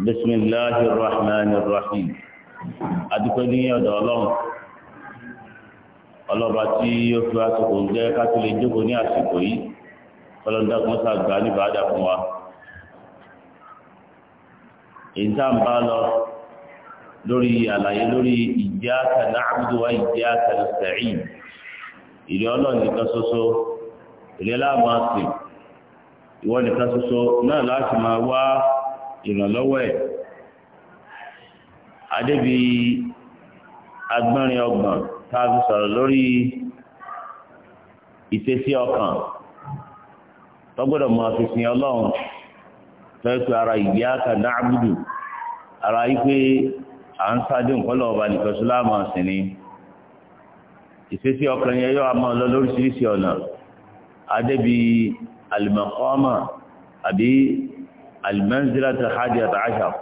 bisimilahi rahmani rahim adúpẹ́ niile ọ̀dọ̀ ọlọ́run ọlọ́ba tí yóò fi àsìkò ń jẹ́ ká tó lè jókòó ní àsìkò yìí kọlọ́dá kan ṣàgbá níbàdà fún wa èyí tá à ń bá lọ lórí àlàyé ni kan soso wa iyyaka nasta'in ìrẹ́ ni kan soso ìrànlọ́wọ́ ẹ̀ adébi agbọ́nrin ọgbọ̀n tá a fi sọ̀rọ̀ lórí ìṣesí ọkàn tọ́gbọ́dọ̀ mọ àfihàn ọlọ́run fẹ́ẹ́ ara ìgbé àkàndá àbùdù ara yìí pé à ń sáájú nǹkan lọ́wọ́ bá nìkan ṣọlá àmọ́ ọ̀sìn ni ìṣesí ọkàn yẹn yóò máa lọ lóríṣiríṣi ọ̀nà adébi alimakọ́mà àbí alimanzilata hadiata asha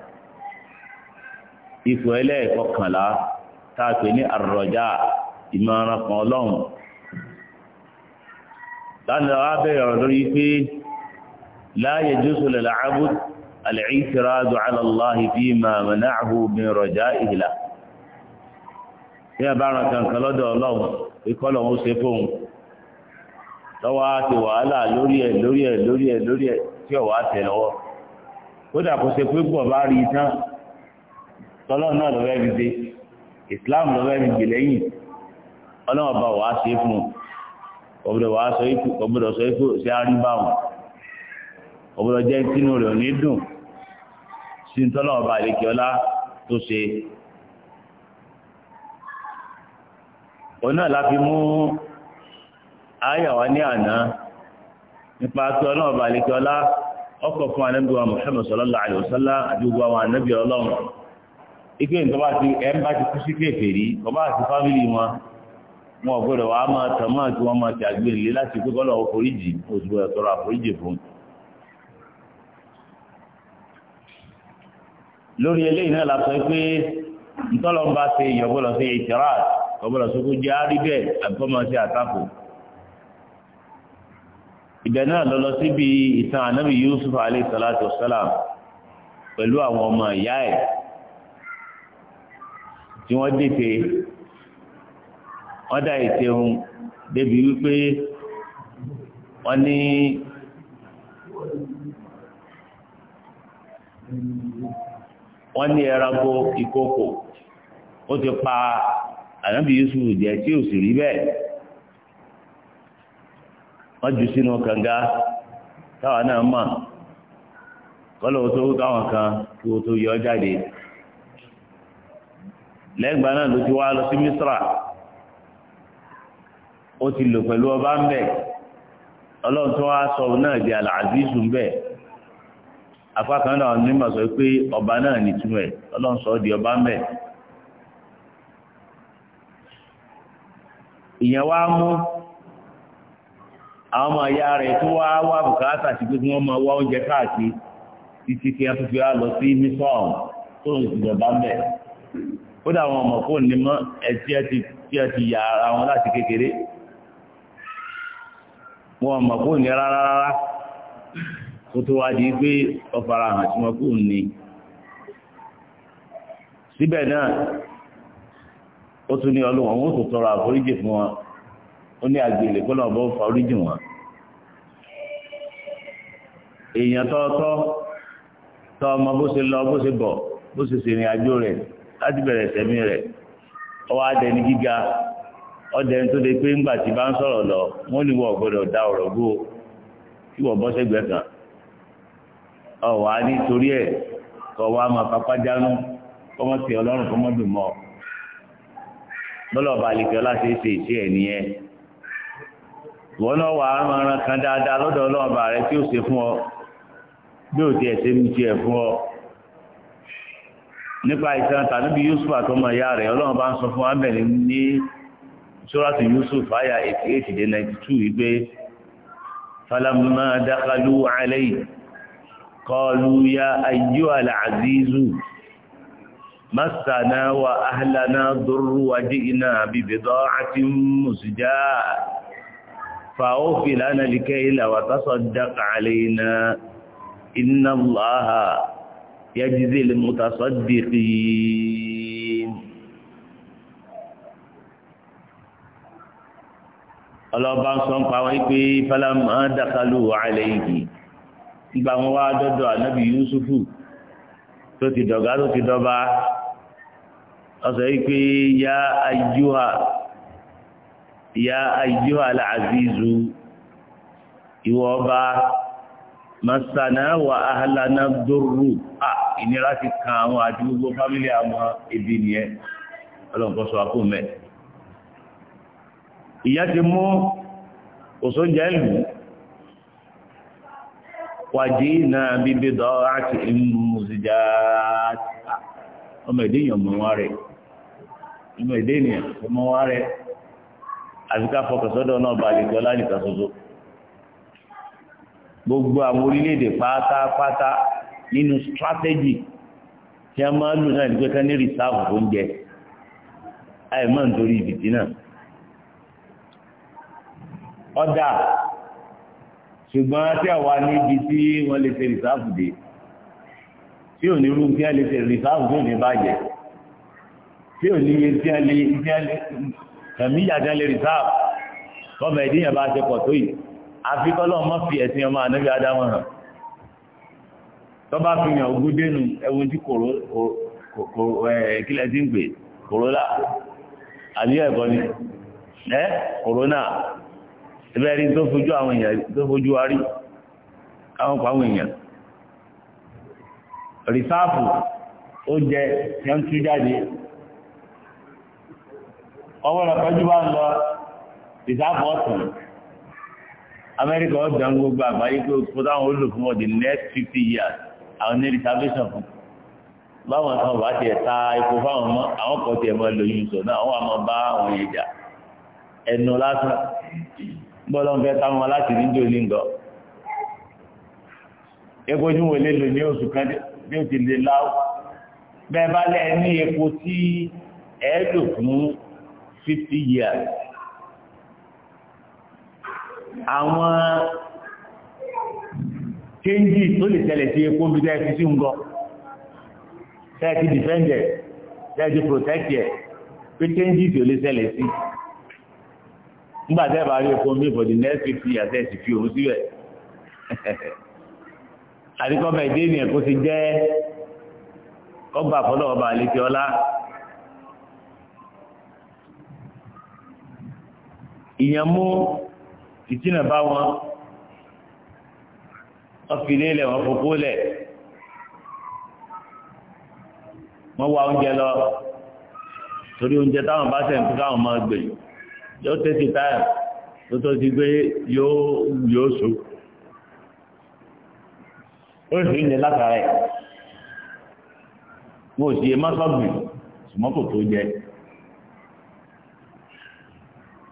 ipò ẹlẹ́ẹ̀kọkànlá tá a pè ní àrọ̀já ìmọ̀ràn kan ọlọ́run lánàá wá bẹ̀rẹ̀ ọ̀rọ̀ lórí pé láàyè jùsùlẹ̀ làábù al-i'tiradu ala Allahi fima mana'ahu min raja'ihi lahu bí a bá ran kankan lọ́dọ̀ ọlọ́run á ti wàhálà lórí ẹ̀ lórí ẹ̀ lórí ẹ̀ lórí ẹ̀ tí ọ̀wá tẹ̀ lọ́wọ́ kódà kò ṣe pé bọ̀ bá rí i tán tọ́lọ́ náà lọ́wọ́ ẹ̀rí dé Islam lọ́wọ́ ẹ̀rí dé lẹ́yìn ọlọ́wọ́ bá wàá ṣe fún un ọ̀bọ̀dọ̀ wàá sọ ikú ọ̀bọ̀dọ̀ sọ ikú ṣe jẹ́ kínú rẹ̀ ní dùn sí tọ́lọ́ ọba àlekè ọlá tó ṣe. òun náà mú ayàwá ní àná nípa pé ọlọ́wọ́ ọba àlekè ọlá ọkọ̀ fún anábì wa Muhammad sallallahu alayhi wa sallam àdúgbò àwọn anábì ọlọ́run ike nǹkan bá ti ẹ̀ ń bá ti kú sí kèfèrí bàbá àti fámìlì wọn wọn ò gbọdọ̀ wàá máa tàn máa tí wọ́n máa ti àgbélé láti pé kọ́lọ̀ ọkọ̀ríjì oṣù ẹ̀tọ́rọ àforíjì fún. lórí eléyìí náà la sọ pé ntọ́lọ́mbà ṣe ìyọ̀bọ̀lọ̀ ṣe ìtìrà ọ̀bọ̀lọ̀ ṣokó jẹ́ àríbẹ̀ àbíkọ́ máa ṣe àtakò ìbẹ̀ náà lọ lọ síbi ìtàn ànábì Yusuf alayhi salatu wassalam pẹ̀lú àwọn ọmọ ìyá ẹ̀ tí wọ́n dètè wọ́n dá ètè ohun débi wípé wọ́n ní wọ́n ní ẹranko ìkókò ó ti pa ànábì Yusuf jẹ́ tí ò sì rí bẹ́ẹ̀. wọ́n jù sínú kànga táwa náà mọ̀ kọ́lọ̀ tó táwọn kan kí o tó yọ jáde lẹ́gbàá náà ló ti wá lọ sí ó ti lò pẹ̀lú ọba ń bẹ̀ ọlọ́run tó sọ náà di Al-Azizu ń bẹ̀ apá kan náà sọ ọba náà ẹ̀ ọlọ́run sọ di ọba àwọn ọmọ ìyá rẹ̀ tó wá wá bùkátà sí pé kí wọ́n máa wá oúnjẹ káàkiri títí kí wọ́n fi wá lọ sí mísọ́ọ̀n tó ń jọba ń bẹ̀. ó dà àwọn ọmọ fóònù ní mọ́ ẹtí ẹtí tí yà ara wọn láti kékeré wọn ọmọ fóònù rárá rárá kó tó wá di pé ọ̀fara hàn tí wọ́n fóònù ni. síbẹ̀ náà ó tún ní ọlọ́wọ́n ó tó tọrọ àforíjì fún wọn. ó ní àgbèlè kó lọ́wọ́ fa oríjì wọn. èèyàn tọ́tọ́ tọ́ ọmọ bó ṣe lọ bó ṣe bọ̀ bó ṣe ṣèrìn àjò rẹ̀ láti bẹ̀rẹ̀ sẹ́mi rẹ̀ ọwọ́ adẹni gíga ọdẹni tó de pé ńgbà tí bá ń sọ̀rọ̀ lọ wọ́n ní wọ́n da ọ̀rọ̀ gbó kí wọ́n bọ́ sẹ́gbẹ̀ẹ́ kan ẹ̀ máa papá kọ́mọ́ ọlọ́run kọ́mọ́ dùn mọ́ bọ́lọ̀ balẹ̀ kí ọlá ṣe é ṣe ìwọ náà wà á máa ran kan dáadáa lọ́dọ̀ ọlọ́ọ̀bà rẹ tí ó ṣe fún ọ bí ò tiẹ̀ ṣe ń tiẹ̀ fún ọ nípa ìtàn tàbí Yusuf àtọmọ ìyá rẹ Ọlọ́run ń sọ fún amẹ́rin ní sóràtì Yusuf àyà 88 dé 92 wípé falamma dakhalu alayhi qalu ya ayyuhal azizu massana wa ahlana durru wa ji'na bi bida'atin musjaa fàófì lánàá líkẹ́ ilà wà tásọ̀ dákà àlẹ́yìnà iná láha yá jíze lè mú tásọ̀ dìkì ọlọ́ba sọ ń pa wọ́n pé fálámà dákàlù àlẹ́yìnì ìgbà wọn wá dọ́dọ̀ ànábì Yusufu tó ti dọ̀gá tó ti dọ́ba ọ̀sẹ̀ yìí yá ayúhà ya ayyuha al-azizu ìwọ ọba masana wa ahlana dúró a, ìnira ti kan àwọn àti gbogbo fámílì àwọn ebi ni e ọlọ́nkọ́ sọ àpò mẹ́ ìyá ti mú òsóúnjẹ ìlú wàjí náà bíbí dọ́ àti ìmúzìjà ọmọ ìdíyàn mọ́ wá rẹ̀ ọmọ ìdíyàn mọ́ wá rẹ̀ àfi ká fọkàn sọ́dọ̀ náà bá lè jọlá nìkan ṣoṣo gbogbo àwọn orílẹ̀-èdè pátápátá nínú strategy tí a máa lò náà ní pé ká ní rìsáàfù tó ń jẹ àìmọ́ nítorí ìbìtì náà ọ̀dà ṣùgbọ́n tí àwa níbi tí wọ́n lè ṣe rìsáàfù dé tí ò ní irú tí a lè ṣe rìsáàfù tó ní bàjẹ́ tí ò ní iye tí a lè ẹ̀mí yàgán lè rìsáàb kọ́mọ ìdíyàn bá ṣe pọ̀ tó yìí àfi kọ́lọ́ mọ́ fi ẹ̀sìn ọmọ ànábì adámọ̀ hàn tó bá fi hàn ogún dénú ẹ̀wọ̀n tí kòró kílẹ̀ tí ń pè kòrólà àníyàn ẹ̀kọ́ ni ẹ́ kòrónà ẹ̀bẹ̀ rí tó fojú àwọn èèyàn tó fojú wa rí káwọn pa àwọn èèyàn rìsáàbù ó jẹ tí wọ́n jáde ọwọ́ rẹ̀ pẹ́jú bá ń lọ ìsábọ̀ọ̀tì amẹ́ríkà ó dán gbogbo àgbáyé pé ó táwọn ó lò fún ọ next 50 years àwọn ní reservation fún báwọn kan bá tiẹ̀ ta epo fáwọn mọ́ àwọn kan tiẹ̀ mọ́ lóyún sọ náà àwọn àmọ́ bá àwọn yẹn jà ẹnu lásán gbọ́dọ̀ ń fẹ́ táwọn aláṣẹ níjó ní ngọ́ epo tí wọ́n lè lò ní oṣù kan bí ó ti lè láwọ́ bẹ́ẹ̀ bá lẹ́ẹ̀ ní epo tí ẹ̀ẹ́dò fún 50 years àwọn changes tó lè tẹ̀lẹ̀ sí epo bí dẹ́ fi sí ń gọ́ tẹ́ẹ̀tì defender tẹ́ẹ̀tì protector pé change tó lè tẹ̀lẹ̀ sí nígbà tẹ́ẹ̀ bá rí epo mi for the next 50 years ẹ̀ sì fi òun síbẹ̀ àdìkọ́bẹ̀ dé ní ẹ̀kọ́ ti jẹ́ kọ́gbà fọlọ́ọ̀bà àlejò ọlá. ìyẹn mú ìtìnà bá wọn wọ́n fi lélẹ̀ wọ́n fokó lẹ̀ wọ́n wá oúnjẹ lọ torí oúnjẹ táwọn bá sẹ̀ ń fi káwọn máa gbè yóò tètè táyà tó tó ti gbé yóò yóò so ó sì ń lè látara ẹ̀ wọ́n ò sì yé má sọ́gbìn ṣùgbọ́n kò tó jẹ́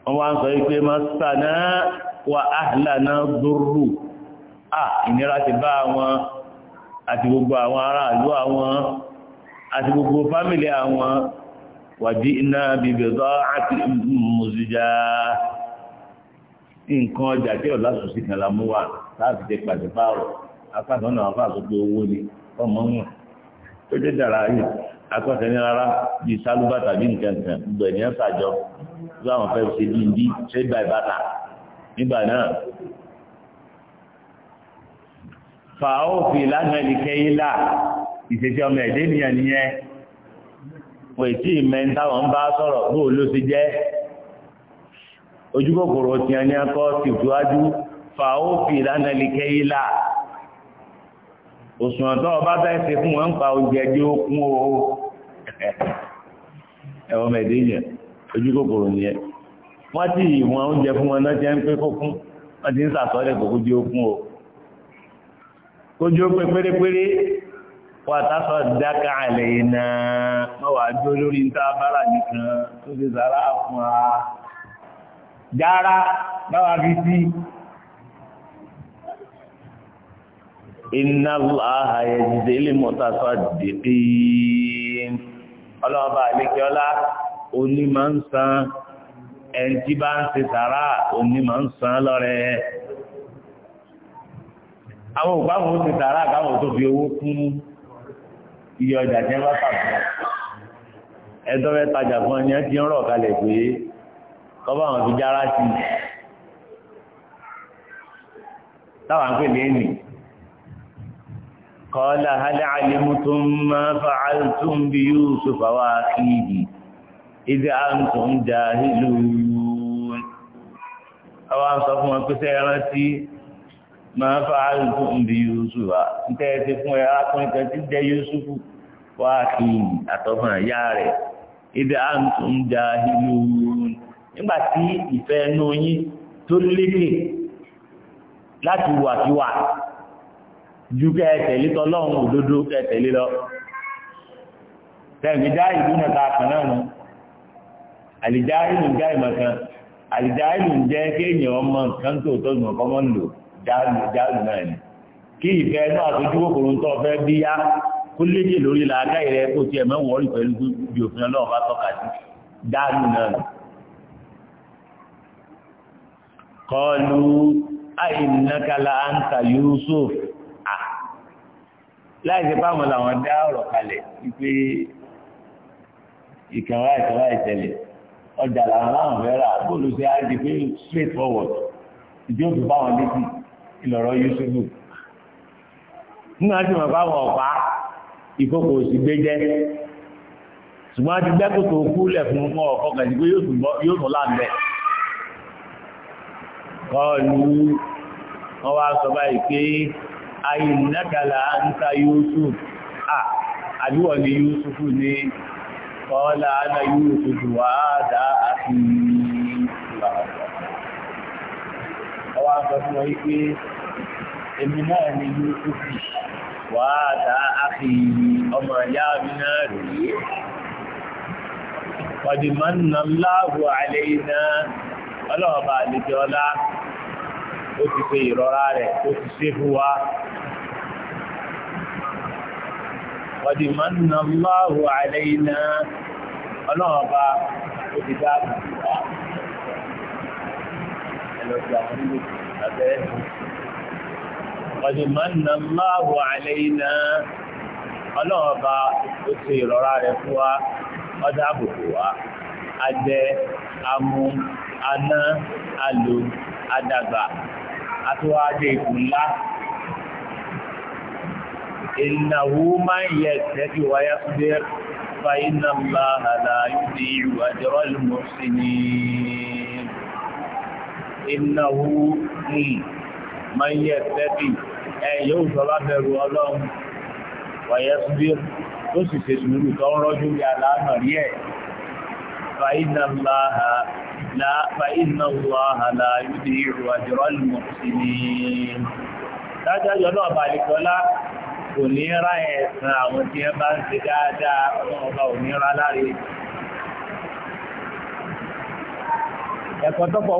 wọ́n wá ń sọ wípé masana wa ahlana durru à ìnira ti bá wọn àti gbogbo àwọn aráàlú àwọn àti gbogbo fámìlì àwọn wàjí iná bìbẹ̀dọ́ àti mùsùjá nǹkan ọjà tí ọ̀la sòsì kan la mú wa láti jẹ pàdé báwọ̀ apá kan náà wà owó ni ọmọ wọn tó dé dára yìí akọ́sẹ̀ ní rárá bí sálúbà tàbí nǹkan kan gbogbo ènìyàn sàjọ ló àwọn fẹ́ ṣe bí ndí ṣé gba ìbáta nígbà náà. fàáfì lánàá ìkẹyìn là ìṣèṣẹ́ ọmọ ẹ̀dẹ́ nìyẹn nìyẹn wọ́n ètí ìmẹ́ táwọn bá sọ̀rọ̀ bó ló ti jẹ́ ojúkòkòrò tiẹ̀ ní akọ́ tìtúwájú fàáfì lánàá ìkẹyìn là òṣùwọ̀n tó ọba fẹ́ ṣe fún wọn ń pa oúnjẹ jẹ́ ó kún o ẹ̀wọ̀n mẹ̀dẹ́yìn ojú kòkòrò nìyẹn wọ́n ti ìwọ̀n oúnjẹ fún wọn náà jẹ́ ń pé kó kún wọ́n ti ń sàtọ́lẹ̀ kókó jẹ́ ó o kójú ó pé pérépéré wà tásọ̀ dáká àlẹ́ iná wọ́n wà dúró lórí ń tá bára nìkan tó ti sàrà fún wa jára báwa fi sí iná láàáyẹ jíde ilé mọ́tàtà dìkí ọlọ́ọ̀bá àlékiọlá oní máa ń san ẹn tí bá ń ṣe sàárà oní máa ń san lọ́rẹ àwọn òpáwọn ó ti sàárà káwọn tó fi owó kún iye ọjà tí wọ́n pàpọ̀ ń pè lé nìí قال هل علمتم ما فعلتم بيوسف واخيه إذ أنتم جاهلون أو أنصفهم أكسيرتي ما فعلتم بيوسف أنت يتفون يا أكون كتب يوسف واخيه أتوفنا يا ري إذ أنتم جاهلون nígbà tí ìfẹ́ ẹnu yín tó lékè láti wàkiwà ju kẹ́ ẹ̀tẹ̀lé tọ́lọ́run òdodo kẹ́ ẹ̀tẹ̀lé lọ tẹ̀gbìdá ìlú náà ta kàn náà nù àlìjá ìlú ń já ìmọ̀ kan àlìjá ìlú ń jẹ́ kéèyàn ọmọ nǹkan tó tọ́ ìmọ̀ kọ́mọ́ ń lò jáàlù jáàlù náà ni kí ìfẹ́ inú àtúntò kòkòrò tó fẹ́ bí yá kó léde lórí làákà ìrẹ́ kó tiẹ̀ mẹ́wọ̀ọ́ rí pẹ̀lú bí òfin ọlọ́run bá tọ́ka sí jáàlù náà nù. kọlu àìnàkàlà àǹtà Yusuf láì ṣe báwọn làwọn dá ọ̀rọ̀ kalẹ̀ wípé ìkànwá ìkànwá ìtẹ̀lẹ̀ ọjà làwọn láwọn fẹ́ rà bóòlù ṣe á di pé straight forward ìdí òfin báwọn létí ìlọ̀rọ̀ yusufu nínú àti mọ̀ báwọn ọ̀pá ìkókò òsì gbé jẹ́ ṣùgbọ́n a ti gbẹ́kò tó kú lẹ̀ fún ọmọ ọ̀kọ́ kẹ̀sí pé yóò tún láǹbẹ̀ kọlu wọ́n wá sọ báyìí pé àìnàkàlà ń ta Yusuf à àdúwọ̀ ni Yusuf ní kọ́ọ́lá ana Yusuf wà dá àti ọwọ́ àgbàfún wọ́n pé èmi náà ni iná ọlọ́ọ̀bà àlejò ọlá ó ti pe ìrora rẹ̀ ó ti ṣe fún wa. Ọdí máa ń na láàrù àlẹ́ iná ọlọ́run ọba ó ti dá àbùkù wa. Ẹ lọ sí àwọn nílò abẹ́rẹ́. Ọdí máa ń na láàrù àlẹ́ iná ọlọ́run ọba ó ṣe ìrora rẹ̀ fún wa ọdá àbùkù wa. Adẹ, amú, aná, alò, adàgbà àtúwájẹ́ ipò ńlá ìnáwó máa ń yẹ tẹ́kì wáyá fẹ́ fàínà láàrá yìí ìrù àjọrọ̀ lùmọ̀sí ni ìnáwó máa ń yẹ tẹ́kì ẹ yóò bẹ̀rù ọlọ́run wáyá fẹ́ لا فإن الله لا يضيع أجر المحسنين dájájú ọlọ́ọ̀bá àlìkọ́lá kò ní rá ẹ̀sàn àwọn tí ẹ bá ń ṣe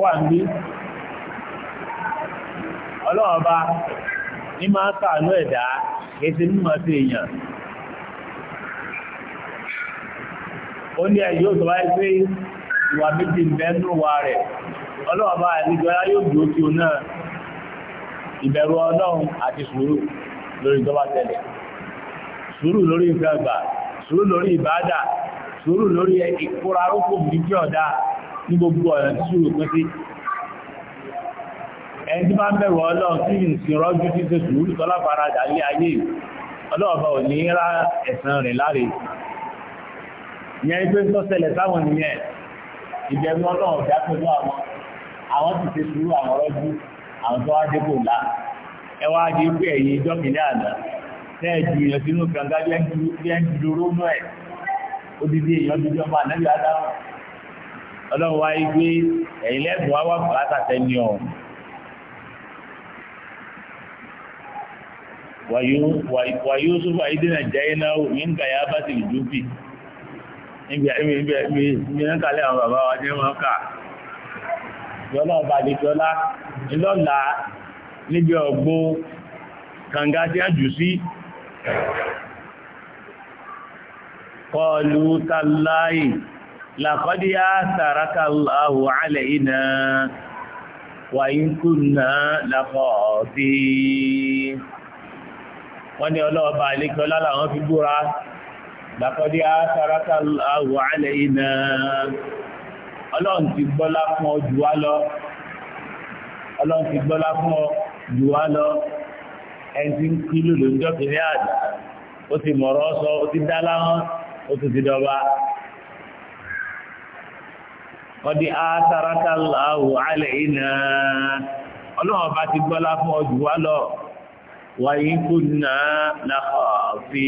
wà ń bí ọlọ́ọ̀bá ní máa ẹ̀dá mímọ̀ sí èèyàn ó ní wáyé pé ìwà méjì mẹ́nu wa rẹ̀ ọlọ́ọ̀bá àìlígbọ́lá yóò dúró kí o náà ìbẹ̀rù ọlọ́run àti sùúrù lórí tó bá tẹ̀lé sùúrù lórí ìfẹ́gbà sùúrù lórí ìbádà sùúrù lórí ìkóra rúkú méjì ọ̀dá ní gbogbo ọ̀nà tí sùúrù pín sí ẹni tí máa ń bẹ̀rù ọlọ́run tí ìsìn rọ́jú tí ṣe sùúrù tọ́lá faradà lé ayé ọlọ́ọ̀bá ò ní rá ẹ̀san rẹ̀ láre pé tó ṣẹlẹ̀ sáwọn nìyẹn ìbẹ̀rù ọlọ́run dá pẹ̀lú àwọn àwọn ti ṣe sùúrù àwọn rọ́jú àwọn tó wá dépò ńlá ẹ wá di pé ẹ̀yìn dọ́mìnà àná tẹ́ẹ̀jù èèyàn sínú gbàngá bí ẹ́ ń dúró mọ́ ẹ̀ odidi èèyàn dúdú ọmọ ànábì adáwọ̀ ọlọ́run wáyé gbé ẹ̀yìn lẹ́bùn wá wà bùkátà tẹ́ni ọ̀ wàyó sọ́fà ìdínà jẹ́ iná ò ní ń gàyà bá ti lè dúbì ibi ń kalẹ̀ àwọn bàbá wa jẹ́ wọn kà jọlá ọba àdìjọlá ìlọ́la níbi ọgbó kànga tí a jù sí kọlu tàláì làkọ́dí á sàrákà láhù alẹ́ iná wà ń kùnà lápọ̀ sí wọ́n ni ọlọ́ọ̀bà àdìjọlá làwọn fi búra لقد آثرك الله علينا ọlọ́run ti gbọ́lá fún ọ jù wá lọ ọlọ́run ti gbọ́lá fún ọ jù wá lọ ẹni tí ń kí lòlò ń jọ́ kìíní àjà ó ti mọ̀rọ̀ sọ ó ti dá láwọn ó ti ti dọba ọdí àtàràtà láwù alẹ́ iná ọlọ́run ọba ti gbọ́lá fún ọ jù wá lọ wàyí kùnà náà fi.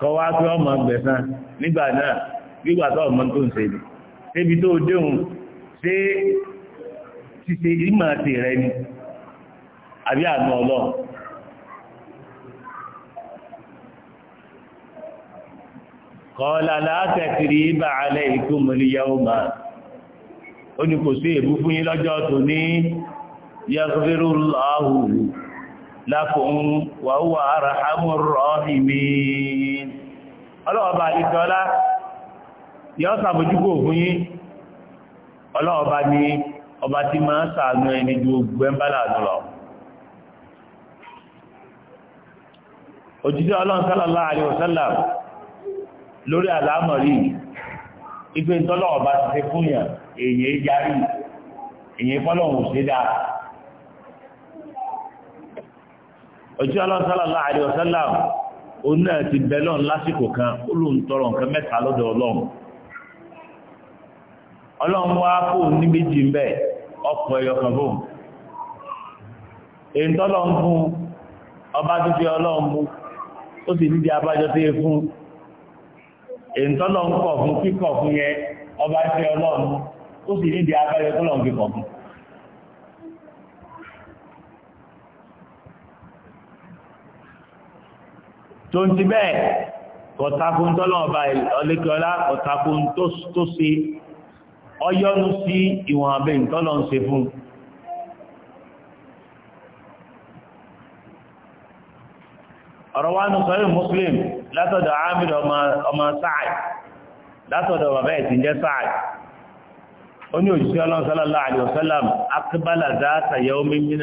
kọ́ wá pé ọmọ gbẹ̀sán nígbà náà gbígbà tó ọmọ tó ń ṣe ni débi tó déhùn ṣé ṣíṣe ìmọ̀ àti rẹ ni àbí àánú ọlọ́run kọ́ọ̀lá látẹ̀kiri bá alẹ́ ikú mọ̀líyà ọmọ ó ní kò ọlọ́ọ̀bá àdìsọ́lá yọ́ sàbójúkò fún yín ọlọ́ọ̀bá ni ọba tí máa sàánú ẹni ju gbẹ́mbálà lọ òjíṣẹ́ ọlọ́run sallallahu alaihi wasallam lórí ti onu náà ti lásìkò kan ó nǹkan mẹ́ta lọ́dọ̀ ọlọ́run ọlọ́run wá fóun ní méjì ń bẹ ọkọ̀ ẹ̀yọ èyí fún ọba tó fi ọlọ́run mú ó sì níbi abájọ tó yẹ fún èyí tọ́lọ́ kọ̀ tó ń ti bẹ́ẹ̀ kọ̀tàkùn tọ́lọ́ọ̀bá ọlẹ́kọ̀ọ́lá kọ̀tàkùn tó ṣe ọyọ́nu sí ìwọ̀n abẹ́ ìtọ́lọ̀ ń ṣe fún ọ̀rọ̀ wá ní sọ́yìn muslim látọ̀dọ̀ amir ọmọ sáàì látọ̀dọ̀ bàbá ẹ̀ tí ń jẹ́ sáàì ó ní òjíṣẹ́ ọlọ́run sallallahu alaihi wasallam akbala zata yawmin min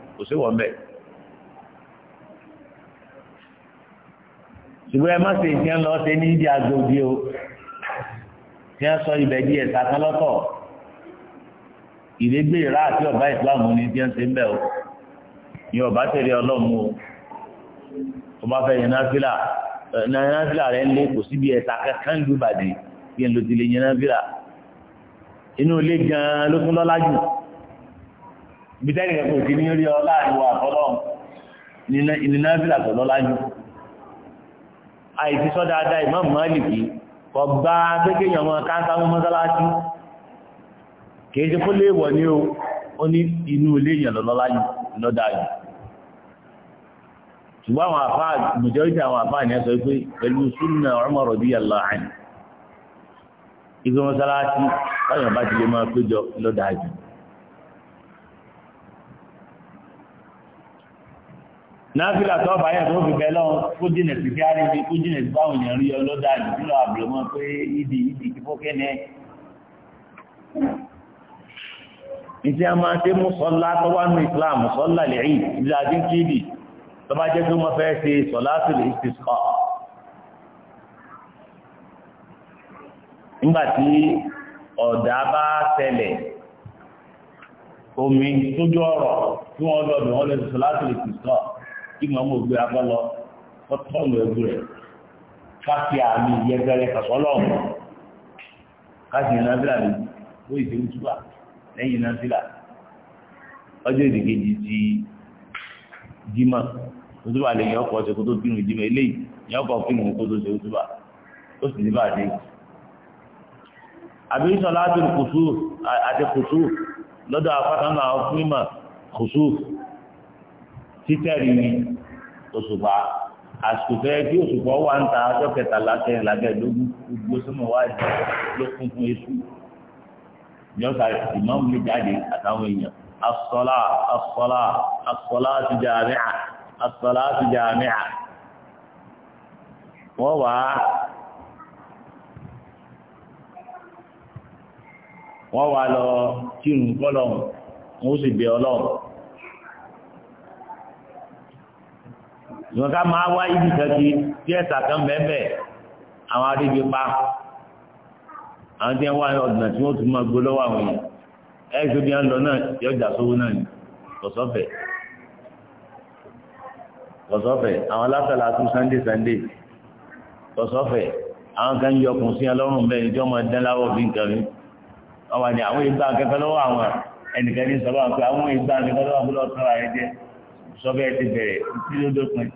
kò sí wọ́n bẹ́ẹ̀. ṣùgbọ́n ẹ má ṣe ìṣẹ́ lọ ṣe ní ìdí agbóbi o tí wọ́n sọ ibẹ̀ díẹ̀ sàkán lọ́tọ̀ ìrégbè ìrá àti ọ̀bá ìsìláàmù ni tí wọ́n ṣe ń bẹ̀ o ní ọ̀bá tẹ̀lé ọlọ́mù o tó bá fẹ́ yẹn náfìlà náfìlà rẹ̀ ń lé kò síbi ẹ̀ta kankan lùbàdì bí ẹ̀ ló ti lè yẹn náfìlà inú ilé gan-an ló tún lọ́lá jù bitẹ́ni ẹ̀kọ́ ti ní rí ọ láàrin wa àkọ́lọ́ ìnìná fìlà tọ̀lọ́ lájú àìsí sọ́dá adá Imam Málìkì kọ gbá gbégbéyàn ọmọ káńtà mọ́ mọ́sálásí kìí ṣe kó léèwọ̀ ní o ó ní inú iléèyàn lọ́lọ́ lájú lọ́dá yìí ṣùgbọ́n àwọn àfá majority àwọn àfá ní ẹ̀sọ́ pé pẹ̀lú súnà Umar radiyallahu anhu ìgbé mọ́sálásí báyọ̀ bá ti lè máa péjọ lọ́dá yìí náàfíìlà tó ọba yẹn tó fi bẹ lọ́wọ́ kó jìnà sí kí á rí kó jìnà sí báwọn èèyàn rí ọlọ́dà nílò àbùrọ̀mọ́ pé ìdí ìdí kíkó kéne. ìṣe a máa ṣe mùsọ́lá tó wà ní Islam mùsọ́lá lè rí ìdílé adínkìdì tó bá jẹ́ pé wọ́n fẹ́ ṣe sọ̀lá sí lè nígbà tí ọ̀dà bá ṣẹlẹ̀ omi tójú ọ̀rọ̀ tí wọ́n lọ́dún wọn lè ṣe sọ̀lá sí kí màmú ògbé abọ́lọ fọ́tọ́ọ̀nù ẹgbẹ́ rẹ̀ fásitì àmì ìyẹgbẹ́rẹ́ kọ̀sọ́lọ́ọ̀mù káàsì nàbílà ni ó ìṣe ń túbà lẹ́yìn nàbílà ọjọ́ ìdìkejì ti jimá òtúbà lè yàn ọkọ̀ ọ̀sẹ̀ kó tó bínú jimá eléyìí yàn ọkọ̀ bínú kó tó ṣe òtúbà ó sì ní bàdé. àbí sọlá àti kùsù àti kùsù lọ́dọ̀ àpáta náà kùsù títẹ̀rì ni òṣùpá àsìkò fẹ́ kí òṣùpá wà ń ta ọjọ́ kẹtàlá kẹrin lábẹ́ẹ̀dógún gbogbo sọmọ wá jẹ ló kún fún eṣú ìjọba ìmọ̀mù lè jáde àtàwọn èèyàn asọ́lá asọ́lá asọ́lá ti jàmíà asọ́lá ti jàmíà wọ́n wá wọ́n wá lọ kírun kọ́lọ̀ wọ́n sì bẹ ọlọ́run. ìwọ̀n ká máa wá ibi kan ti tí ẹ̀sà kan bẹ́ẹ̀ àwọn aríbi pa àwọn tí wọ́n wá ọ̀dùnà tí wọ́n tún máa gbó lọ́wọ́ àwọn yìí ẹ̀ tó bí wọ́n lọ náà yọjà sówó náà ni kọ̀sọ́fẹ̀ kọ̀sọ́fẹ̀ àwọn alásàlá tún sunday sunday kọ̀sọ́fẹ̀ àwọn kan yọ ọkùnrin sí ọlọ́run bẹ́ẹ̀ ìjọ máa dán láwọ̀ bí nǹkan mi wọ́n wà àwọn ìgbà akẹ́kọ̀ọ́ lọ́wọ́ àwọn ẹnìkan ní sọ́wọ́ àwọn ìgbà akẹ́kọ̀ọ́ lọ́wọ́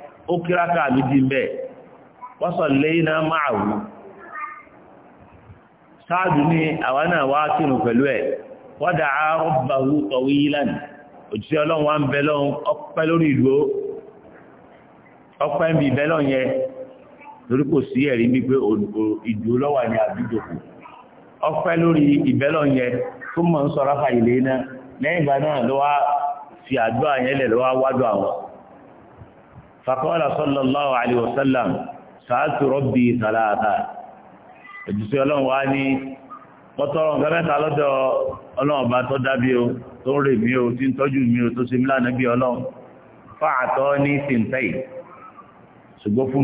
ó kíráka méjì wọ́sọ̀ lẹ́yìn náà máa wù sáàdù ní àwa náà wá kírun pẹ̀lú ẹ̀ wọ́dà àárọ̀bàwù tọ̀wí lánàá òjíṣẹ́ ọlọ́run wá ń bẹ lọ́run ọpẹ́ lórí ìlú ọpẹ́ ń bí lọ́run yẹn lórí kò sí ẹ̀rí ní pé lọ́wà ní ọpẹ́ lórí ìbẹ́ lọ́run yẹn tó mọ̀ ń sọ ráfà náà lẹ́yìn ìgbà náà fi àdúrà yẹn lẹ̀ wádùn àwọn fàkọ́lá sallallahu alaihi wasallam sàátù rọ́bì sàlááta ẹ̀dùsẹ́ ọlọ́run wá ní pọ́tọ́rọ̀ nǹkan mẹ́ta lọ́dọ̀ ọlọ́run ọba tó dábí o tó ń rè mí o tí ń tọ́jú mi o tó ṣe mí lánàá bí ọlọ́run fáàtọ́ ní sèǹtẹ́ì ṣùgbọ́n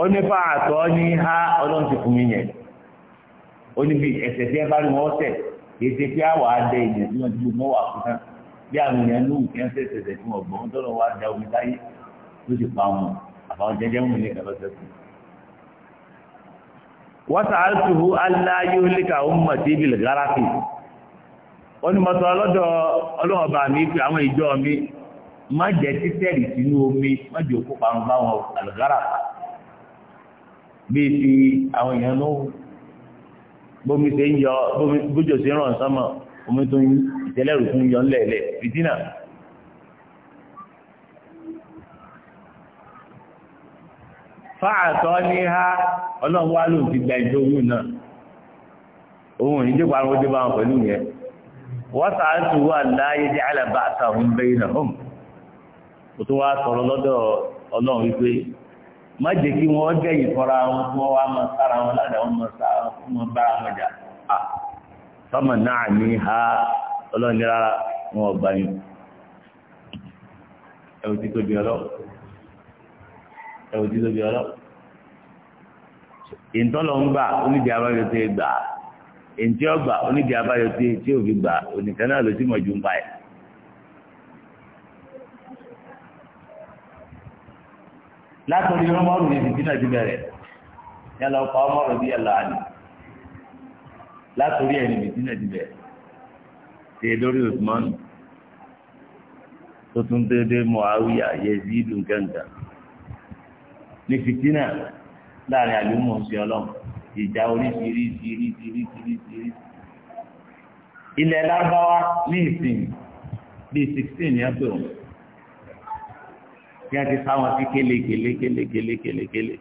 ó àtọ́ ha ọlọ́run ti fún mi yẹn ó ní bí ẹsẹ̀ tí ẹ bá rí wọn tẹ̀ kìí ṣe pé àwọn adé ìyẹn tí wọ́n ti gbogbo wà fún náà bí àwọn èèyàn lóhùn kí wọ́n ṣẹ̀ṣẹ̀ ṣẹ̀ fún ọgbọ́n da omi láyé ló sì pa wọn àbáwọn jẹjẹ ní wọ́n aláyé ní ọlọ́dọ̀ ọlọ́ọ̀bà mi àwọn omi má jẹ́ òkú bíi fi àwọn èèyàn ló bómi ṣe ń yọ bójò ṣe ràn sánmọ omi tó ń ìtẹ́lẹ̀rù tó yọ ńlẹ̀ẹ̀lẹ̀ fìdínà. fáàtọ́ ní ha ọlọ́run wá lóun ti gba ìjọ owó náà òun ìjọ parun ojú bá wọn pẹ̀lú yẹn wọ́n sàátù wà láàyè jẹ́ àlàbà àtàwọn bẹ́yìn náà wá sọ̀rọ̀ lọ́dọ̀ ọlọ́run wípé má jẹ́ kí wọ́n jẹ́ ìfọ́ra wọn tí wọ́n wá mọ́ sára wọn ládàá wọn mọ́ sára wọn bára wọn jà à sọ́mọ̀ náà ní ha ọlọ́ni rárá wọn ọgbà yìí ẹ̀wù tí tóbi ọlọ́ ẹ̀wù tí tóbi ọlọ́ ìtọ́lọ̀ ń gbà onídìí abáyọ tó gbà èntì ọgbà onídìí abáyọ tí ò fi gbà onìkan náà ló sì mọ̀ ń pa látọ̀rí ọmọrù ní fìtínà ti bẹ̀rẹ̀ yálà ọkọ̀ ọmọrù bí ẹ̀là àlè látọ̀rí ẹ̀ ní ti bẹ̀rẹ̀ ṣe lórí Usman tó tún déédéé Muawiya Yezidu gángan ní fìtínà láàrin àlùmọ̀ sí ọlọ́run ìjà oríṣiríṣiríṣiríṣiríṣiríṣi ilẹ̀ lárúbáwá ní ìsìn bíi sixteen yẹn pé òun tí a ti sá wọn sí kélekélekélekélekéle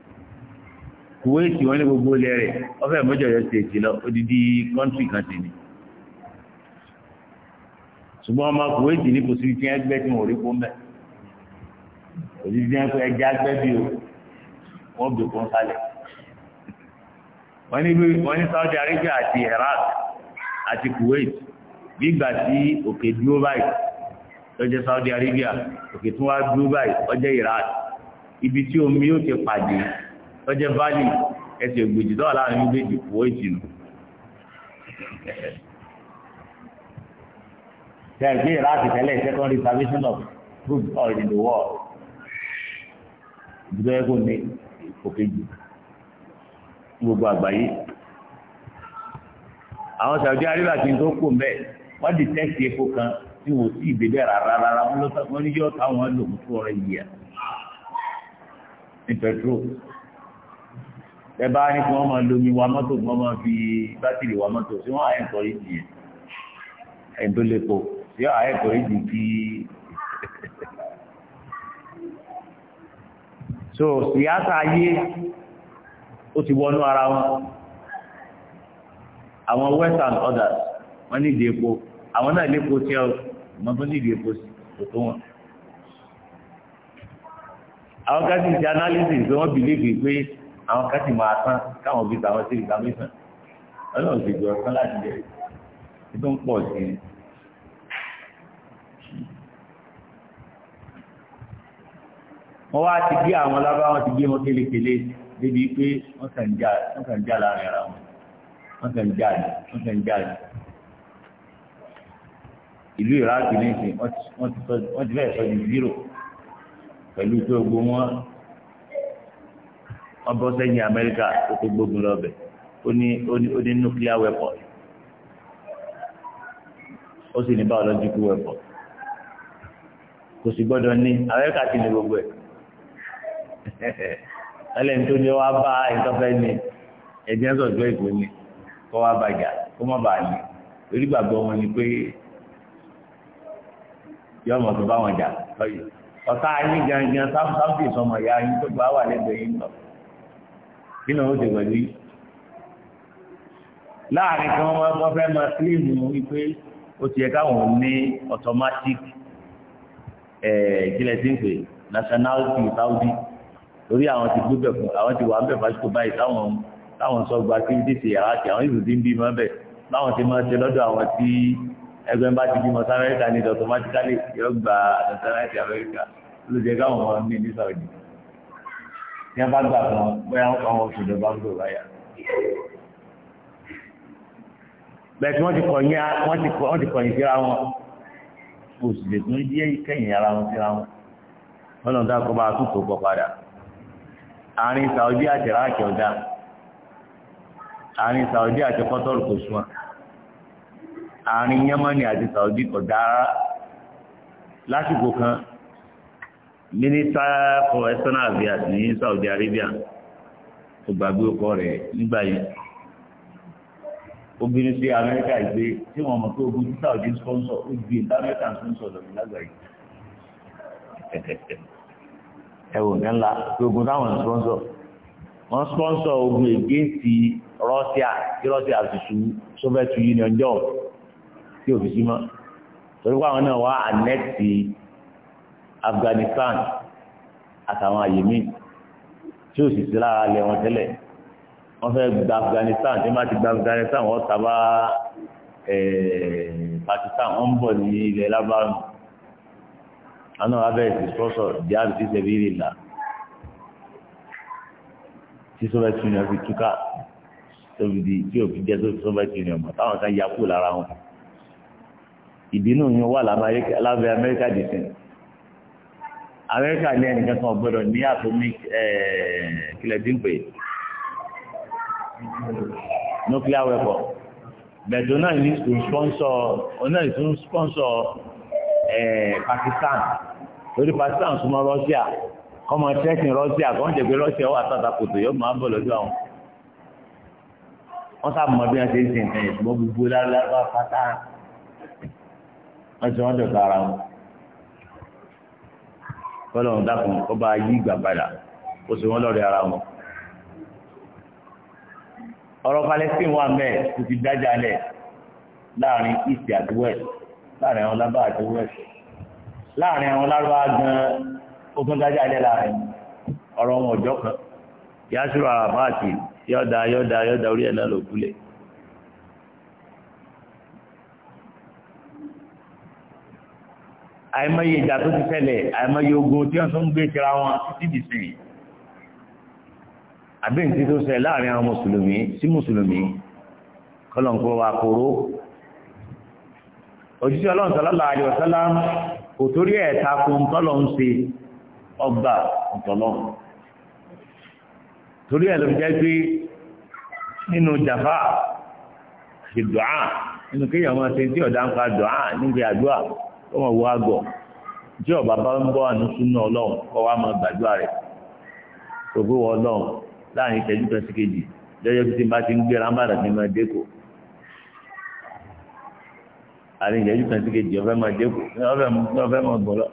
kuwaiti wọn ní gbogbo ilẹ̀ rẹ̀ ọfẹ́ mọ́jọ̀yọ́ stéètì lọ odidi kọ́ńtì kan ti ní ṣùgbọ́n ọmọ kuwaiti ní kò sí ti ẹgbẹ́ tí wọ́n rí kó mẹ́ odidi ẹja gbẹ́ bí o wọ́n bè kó ń kalẹ̀ wọ́n ní Saudi Arabia àti Iraq àti kuwaiti bí ìgbà tí òkè dúró báyìí lọ́jẹ́ Saudi Arabia òkè tún wá Dubai ọjẹ́ Iraq ibi tí omi yóò ti pàdé lọ́jẹ́ Valley ẹsẹ̀ ògbèjì tó wà láàrin méjèèjì kò ìtìnú. Ṣẹ̀gbé Iraq tẹ́lẹ̀ second reservation of crude oil in the world. Ìdúró ẹ̀kọ́ ní òkèjì gbogbo àgbáyé. Àwọn Saudi Arabia kì í tó kù mbẹ́ wọ́n detect epo kan tí wọ́n sì ìbẹ̀bẹ̀ rárá rárá wọ́n ní yọ́ táwọn lòun tó ọ̀rẹ́ yìí à ní pẹ̀tró ẹbá ní kí wọ́n máa lomi wa mọ́tò kí wọ́n máa fi bátìrì wa mọ́tò tí wọ́n àyẹ̀ kọ́ yìí yẹn ẹ̀yìn tó lè àyẹ̀ kọ́ yìí kí so síyáta ayé ó ti wọnú ara wọn àwọn west and others wọ́n ní ìdí epo àwọn náà lè po tí wọ́n ọmọ tó nídìí epo kò tó wọn. àwọn kan ti ṣe analysis pé wọ́n bìlíìfì pé àwọn kan ti máa tán káwọn òbí tàwọn sí ìdámẹ́sàn ọlọ́run ti jọ ọ̀sán láti jẹ tó ń pọ̀ sí i. wọ́n wá ti gbé àwọn lábáwọn ti gbé wọn kélekèlé débi pé wọ́n kàn já láàrin ara wọn wọ́n kàn já ní wọ́n kàn já ní ìlú iraq nìsín wọ́n ti fẹ́ẹ̀ sọ di zero pẹ̀lú pé gbogbo wọn wọ́n bọ́ sẹ́yìn amẹ́ríkà ó tó gbógun lọ́bẹ̀ ó ní ó ní nuclear weapon ó sì ní biological weapon kò sì gbọ́dọ̀ ní amẹ́ríkà ti ní gbogbo ẹ̀ ẹlẹ́ni tó ní wàá bá ìtọ́fẹ́ ní ẹ̀dínsọ̀jọ́ ìpè ní kọ́ wàá bàjá kó má bàa ní orí gbàgbọ́ wọn ni pé yóò mọ̀ tó bá wọn jà lọ́yìn ọ̀tá ayé gangan sáfì sọmọ ìyá yín tó gbà wà lẹ́gbẹ̀ẹ́ yín lọ kí ni ó ti pẹ̀lú yìí láàrin kan wọn kọ́ fẹ́ máa kílíìmù wípé ó ti yẹ káwọn ní automatic ìjìnlẹ̀ tí ń pè nationality Saudi lórí àwọn ti gbé bẹ̀kùn àwọn ti wà ń bẹ̀ fásitì báyìí táwọn táwọn sọ gba activities yàrá àti àwọn ìrùdí ń bí mọ́ bẹ̀ láwọn ti máa ṣe lọ́dọ̀ àwọn tí ẹgbẹ́ bá ti bímọ sáwọn amẹ́ríkà ní automatically yóò gba àtẹ̀sánáìtì amẹ́ríkà olùdíje káwọn ọmọ ní ní saudi ní wọn bá gbà fún wọn bóyá wọn kọ́ wọn fìdó bá ń gbò báyà. bẹ́ẹ̀ tí wọ́n ti kọ̀yìn wọ́n ti kọ̀yìn síra wọn oṣù lè tún díẹ̀ kẹ́yìn ara wọn síra wọn wọn lọ́n dákọ̀ bá a tún tó pọ̀ padà àárín saudi àti iraq ọ̀dà àárín saudi àti kọ́tọ́lù àárín yamani àti saudi kò dára lásìkò kan Minister for external affairs ní saudi arabia kò gbàgbé ọkọ rẹ̀ nígbà yẹn obìnrin sí amẹ́ríkà ìgbé tí wọ́n mọ̀ pé ogun tí saudi sponsor ó gbé ní amẹ́ríkà sponsor lọ́dún lágbàáyé ẹ̀wọ̀n kan la pé ogun táwọn sponsor wọ́n sponsor ogun ègé sí Russia tí Russia ti ṣubú Soviet Union jọ́ọ̀ tí ò fi sí mọ́ torí wáwọn náà wá ànẹ́tì Afghanistan àtàwọn àyè míì tí ò sì sí lára alẹ́ wọn tẹ́lẹ̀ wọ́n fẹ́ gba Afghanistan tí wọ́n ti gba Afghanistan wọ́n tàbá Pakistan wọ́n ń bọ̀ ní ilẹ̀ lábáwọn àwọn náà wá bẹ̀rẹ̀ sí sọ́sọ̀ jihad fi ṣe bí rí là tí Soviet Union fi túká tóbi di tí òfin jẹ́ tó Soviet Union mọ̀ táwọn kan yakú lára wọn ìbínú yìí wà lábẹ́ amẹ́ríkà dìsìn amẹ́ríkà ní ẹnìkan kan gbọ́dọ̀ ní atomic kílẹ̀ nuclear weapon bẹ̀dọ̀ náà ní ìsún sponsor ọ̀nà ìsún sponsor Pakistan lórí Pakistan súnmọ́ Russia kọ́mọ tẹ́sìn Russia kọ́mọ jẹ́ pé Russia wà tàtà kòtò yóò máa ń bọ̀ lọ́jọ́ àwọn wọ́n sábà mọ bí wọ́n ṣe ń sìn ẹ̀ ṣùgbọ́n gbogbo lálẹ́ bá pátá wọ́n ti wọ́n dọ̀tà ara wọn kọ́lọ́run dákun kó bá yí ìgbà padà ó sì wọ́n lọ́rẹ̀ ara wọn. ọ̀rọ̀ Palestine wà mẹ́ẹ̀ tó ti dájà lẹ̀ láàrin east àti west láàrin àwọn lábá àti west láàrin àwọn lárúbá gan ó tún dájà lẹ̀ láàrin ọ̀rọ̀ wọn ọjọ́ kan yásùrù àràfáàtì yọ̀dà yọ̀dà yọ̀dà orí ẹ̀ náà ló kúlẹ̀. àìmọye ìjà tó ti fẹ́lẹ̀ àìmọye ogun tí wọ́n tún ń gbé tira wọn títí dì sí àbẹ́ǹtí tó ṣẹlẹ̀ láàrin àwọn mùsùlùmí sí mùsùlùmí kọlọ̀nkọ àkóró òjíṣẹ́ ọlọ́run sọlọ́lá àdìọ̀sọ́lá kò torí ẹ̀ takò ńtọ́lọ̀ ń ṣe ọgbà ńtọ́lọ́ torí ẹ̀ ló fi jẹ́ pé nínú jàfà ṣe dùá nínú kéèyàn máa ṣe tí ọ̀dà ń pa dùá nígbè àdúrà ọmọ wo àgọ̀ tí ọba bá ń bọ́ àánú súnú ọlọ́run kọ́ wa máa gbàdúrà rẹ̀ ògbó wọ ọlọ́run láàrin ìtẹ́jú kẹsí kejì lọ́jọ́ tí bá ti ń gbé rámbàdà ní máa dẹ́kọ̀ àrin ìtẹ́jú kẹsí kejì ọ̀fẹ́ máa dẹ́kọ̀ ọ̀fẹ́ máa gbọ́ lọ.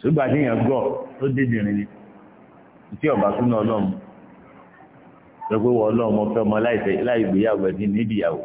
ṣùgbọ́n àti èèyàn gọ̀ tó dédè rìn ni tí ọba súnú ọlọ́run lọ́gbó wọ ọlọ́run ọ̀fẹ́ ọmọ láì gbéyàwó ẹ̀dín nídìyàwó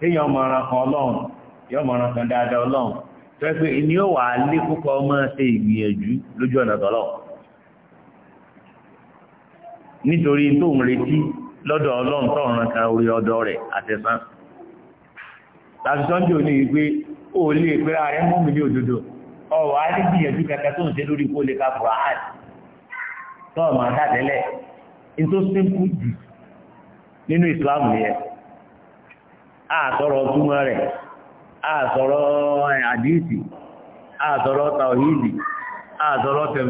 kéèyàn ọmọ kan ọlọ́run yọ ọmọ kan dáadáa ọlọ́run tó yẹ pé ni ó wà á lé púpọ̀ ọmọ ṣe ìgbìyànjú lójú ọ̀nà tọ́lọ̀ nítorí tó ń retí lọ́dọ̀ ọlọ́run tó orí rẹ̀ àtẹ̀sán láti sọ́njú òní ó pé ààrẹ mú mi ní òdodo á ka fura tó ọmọ tó nínú ìsìláàmù yẹn Asọrọ túmọ̀ rẹ̀ àtọ̀rọ̀ asọrọ eh, àtọ̀rọ̀ tàwíìdì àtọ̀rọ̀ asọrọ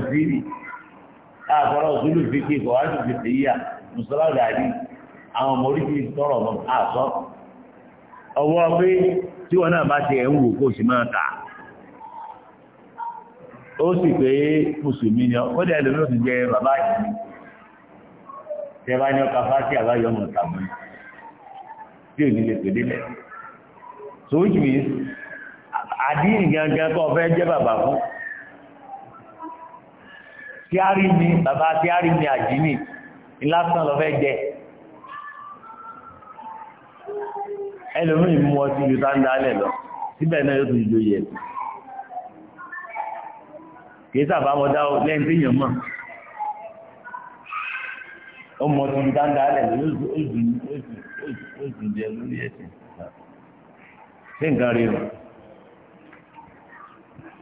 àtọ̀rọ̀ òṣèlú fìkì kọ̀wáṣù fìkì yíyà mùsùlùmí dàdí àwọn ọmọ oríṣi tọrọ mọ àtọ ọwọ́ pé tí wọn náà bá ti ẹ̀ ń wò kó sì máa ó sì pé mùsùlùmí ni ó lómi ó jẹ bàbá yìí tẹ́ bá ní ọkà fásitì àbáyọ ọmọ tàbí. tí ò ní lè pè délẹ̀ so which means àdínì gangan kọ́ fẹ́ jẹ́ bàbá fún tíárì ni bàbá tíárì ni àdínì lásán lọ fẹ́ jẹ ẹlòmíì mú ọtí ju táńdá lẹ̀ lọ síbẹ̀ náà yóò tún ju yẹ kì í sábà mọ dá lẹ́yìn tí èèyàn mọ̀ ó ọtí ju táńdá lẹ̀ lọ yóò tún ó dùn jẹ lórí ẹ̀sìn ṣé nǹkan rí o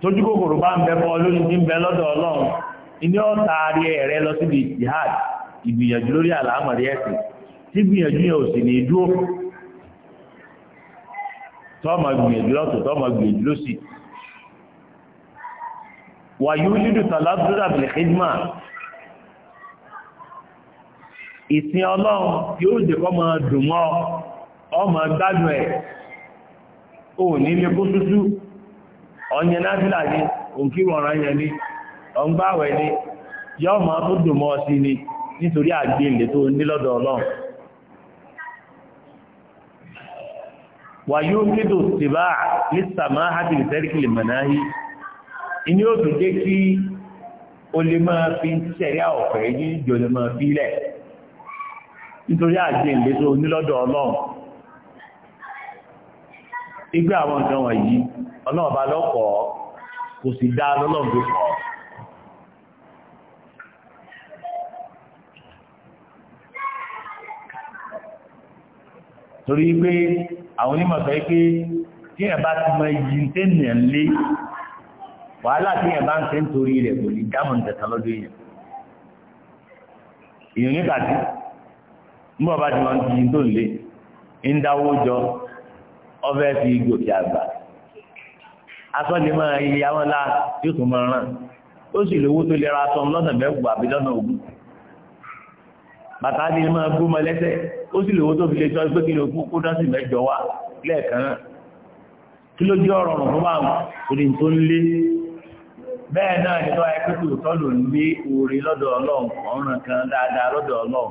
tójú kòkòrò bá ń bẹ ọ ti ń bẹ lọ́dọ̀ ọlọ́run ilé ọ̀tá rí ẹ̀rẹ́ lọ síbi jihad ìgbìyànjú lórí àlámọ̀rí ẹ̀sìn tí gbìyànjú yẹn ò sì ní dúró tọ́ọ̀mà gbìyànjú lọ́tọ̀ gbìyànjú wàyí ó tàlá ìsìn ọlọ́run yóò jẹ́ kọ́ máa dùn mọ́ ọmọ gbádùn ẹ̀ ò ní ilé kó tútú ọ̀nyẹ náfìlà ni òǹkírù ọ̀ràn yẹn ni ọ̀ngbàwẹ̀ ni yọ́ m'a tó dùn mọ́ sí ni nítorí àgbélé tó ní lọ́dọ̀ ọlọ́run wà yóò nídò síbá ní sàmáhàbì ìsẹ́ríkìlì mọ̀náhí inú yóò tún jẹ́ kí o lè máa fi ṣẹ̀rí àwọ̀fẹ́ yìí jò lè máa fi lẹ̀ nítorí àjíǹde tó nílọ́dọ̀ ọlọ́run igbé àwọn nǹkan wọ̀nyí ọlọ́ọ̀bá lọ́kọ̀ọ́ kò sì dá lọ́lọ́run tó kọ̀ torí pé àwọn onímọ̀ sọ pé tí ẹ̀ bá ti mọ iyì ń tẹ́nìyàn lé wàhálà tí ẹ̀ bá ń tẹ́ nítorí rẹ̀ kò ní dámọ̀ nìtẹ̀ta lọ́dún yẹn èèyàn nígbàtí ń ọba bá ti máa tó ń jọ ọfẹ́ fi gòkè àgbà asọ́lé máa yí àwọn ńlá yóò tún máa ràn ó sì lówó tó lè ra aṣọ lọ́nà mẹ́wàá àbí lọ́nà bàtà ni máa gbó mọ lẹ́sẹ̀ ó sì lówó tó fi lè pé kí ló kú kó mẹ́jọ lẹ́ẹ̀kan kí ló jẹ́ ọ̀rọ̀ ọ̀rọ̀ fún báwọn òdì tó ń lé bẹ́ẹ̀ náà nípa tọ́ lò oore lọ́dọ̀ ọ̀ràn kan dáadáa lọ́dọ̀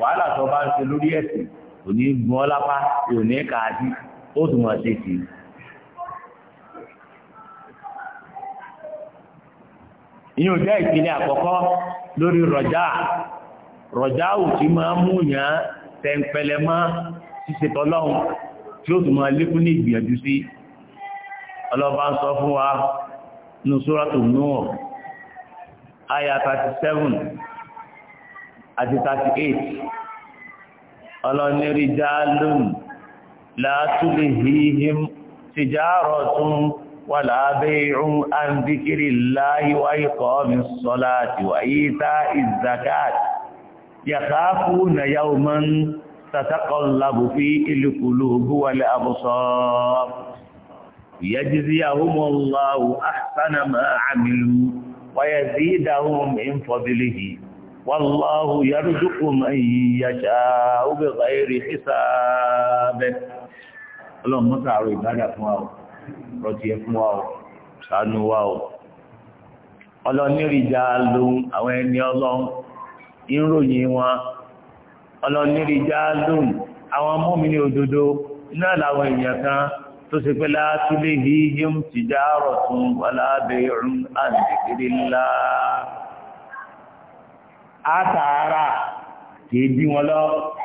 wàhálà tó bá ń ṣe lórí ẹ̀sìn kò ní gun ọ́ lápá yóò ní kàájí ó tún mọ̀ ṣe sí i. ìyẹn ò jẹ́ ìpínlẹ̀ àkọ́kọ́ lórí rọ̀já rọ̀já ò tí máa mú yàn tẹ̀ǹpẹ̀lẹ̀ mọ́ ṣíṣe tọ́lọ́hún tí ó tún máa lékún ní ìgbìyànjú sí ọlọ́ba ń sọ fún wa nù Suratu Nur àyà 37 àti 38 ọlọ́nirí jálùm látúlé híhìm ti járọ̀ tún wà lábẹ́ ìrún an zikiri láyí wáyé kọ́ọ̀mí sọ́lá àti wáyé tá ìzakat yakhafuna yawman tataqallabu fi al-qulubu wal absar yajziyahumullahu ahsana ma والله يرزق من يشاء بغير حساب اللهم تعالوا إبادة واو رجية واو سانو واو ọlọ́ni rìjáàlù àwọn ẹni ọlọ́run ìròyìn ọlọ ọlọ́ni rìjáàlù àwọn mọ́mìnì òdodo náà làwọn tìjà àtàárà kìí bí wọn lọ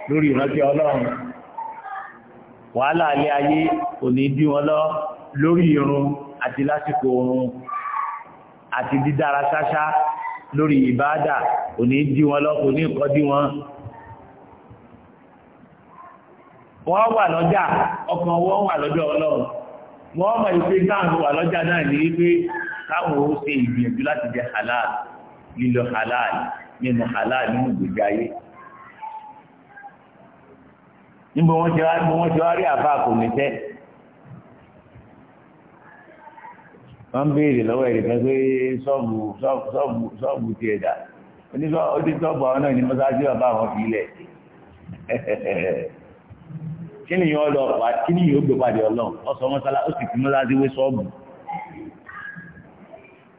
lórí ìrántí ọlọ́run wàhálà alẹ́ ayé kò ní bí wọn lọ lórí irun àti lásìkò oorun àti dídára ṣáṣá lórí ìbáàdà kò ní dí wọn lọ kò ní kọ́ dí wọn. wọ́n wà lọ́jà ọkàn wọ́n wà lọ́jọ́ ọlọ́run wọ́n mọ̀ ìpé táwọn wà lọ́jà náà ní wípé káwọn ó ṣe ìgbìyànjú láti jẹ halal lílọ halal nínú halal nínú gbèjà ayé níbo wọ́n ti wá níbo wọ́n ti wá rí àfa kò ní tẹ́ wọ́n béèrè lọ́wọ́ ẹ̀rì kan pé sọ́ọ̀bù sọ́ọ̀bù sọ́ọ̀bù ti ẹ̀dá onísọ́ọ̀bù àwọn náà ní mọ́sáájú bàbá àwọn fi lẹ̀ kí ni yóò lọ pa kí ni yóò gbé padì ọlọ́run ọ̀sọ̀ mọ́sálá ó sì fi mọ́sáájú wé sọ́ọ̀bù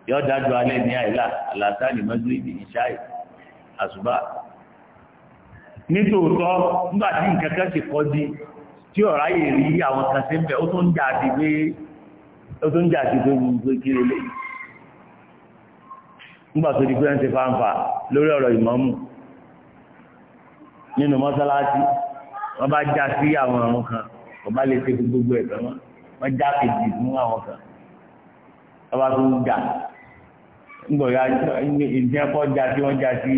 yóò dájú alẹ́ ní àìlà àlàáfíà ní mọ́sálá ìdí ìṣáì àṣùbà nítòótọ́ nígbà tí nǹkan kan sì kọ́ di tí ọ̀rá yìí rí àwọn kan sí ń bẹ̀ ó tún jà sí pé ó tún jà sí pé gbogbo kiri lé nígbà tó di pé ń ṣe fáńfà lórí ọ̀rọ̀ ìmámù nínú mọ́sálásí wọ́n bá já sí àwọn ọ̀run kan wọ́n bá lè ṣe gbogbo ẹ̀fẹ́ wọn wọ́n já kejì fún àwọn kan wọ́n bá tún jà ngbọ̀yà ìdí ẹ̀kọ́ já sí wọ́n já sí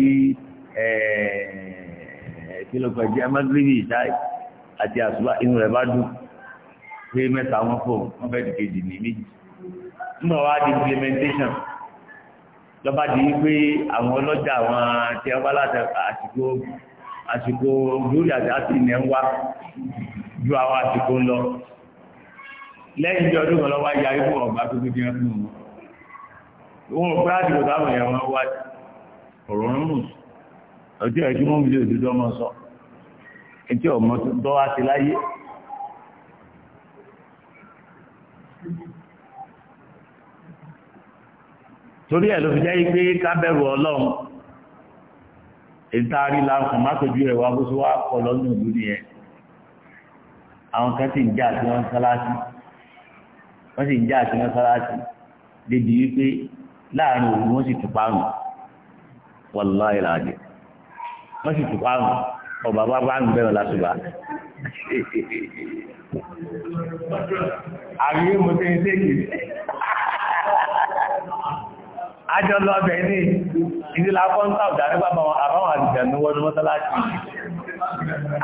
kílọ̀pọ̀ ẹ̀jẹ̀ amagiribi ìdá àti àṣùbà inú rẹ̀ bá dùn pé mẹ́ta wọn fò wọ́n fẹ́ dìde dì ní méjì ngbọ̀ wá di implementation lọ́ba di pé àwọn ọlọ́jà àwọn tí wọ́n bá láti àsìkò àsìkò lórí àti ìnẹ̀ ń wá ju àwọn àsìkò ń lọ lẹ́yìn tí ọdún kan lọ́wọ́ ya ikú ọ̀gbá tó tó jẹ́ fún un wọn ò gbáàdì kò táwọn èèyàn máa wá ọ̀rọ̀ rúnrún ọjọ́ ẹ̀jú mọ́ mi lè dúdú ọmọ sọ ẹjọ́ ọmọ tó dọ́ wá sí láyé torí ẹ̀ ló fi jẹ́ pé kábẹ́rù ọlọ́run ìtaari láǹkàn má tójú ẹ̀ wá bó ṣe wá kọ lọ́nà ìlú nìyẹn àwọn kan sì ń jà sí wọn sáláṣí wọ́n sì ń jà sí wọn sáláṣí débi wípé láàrin òun wọ́n sì tún parun wàláì làdì wọ́n sì tún parun ọba bá bá ń bẹ̀rẹ̀ lásùbà àríyé mo tẹ́ ń tẹ́kì ajọ́ lọ bẹ̀ ní ìdílé akọ́ntà ìdárígbà àbáwọn àdìjẹ̀nú wọ́n mọ́sálásí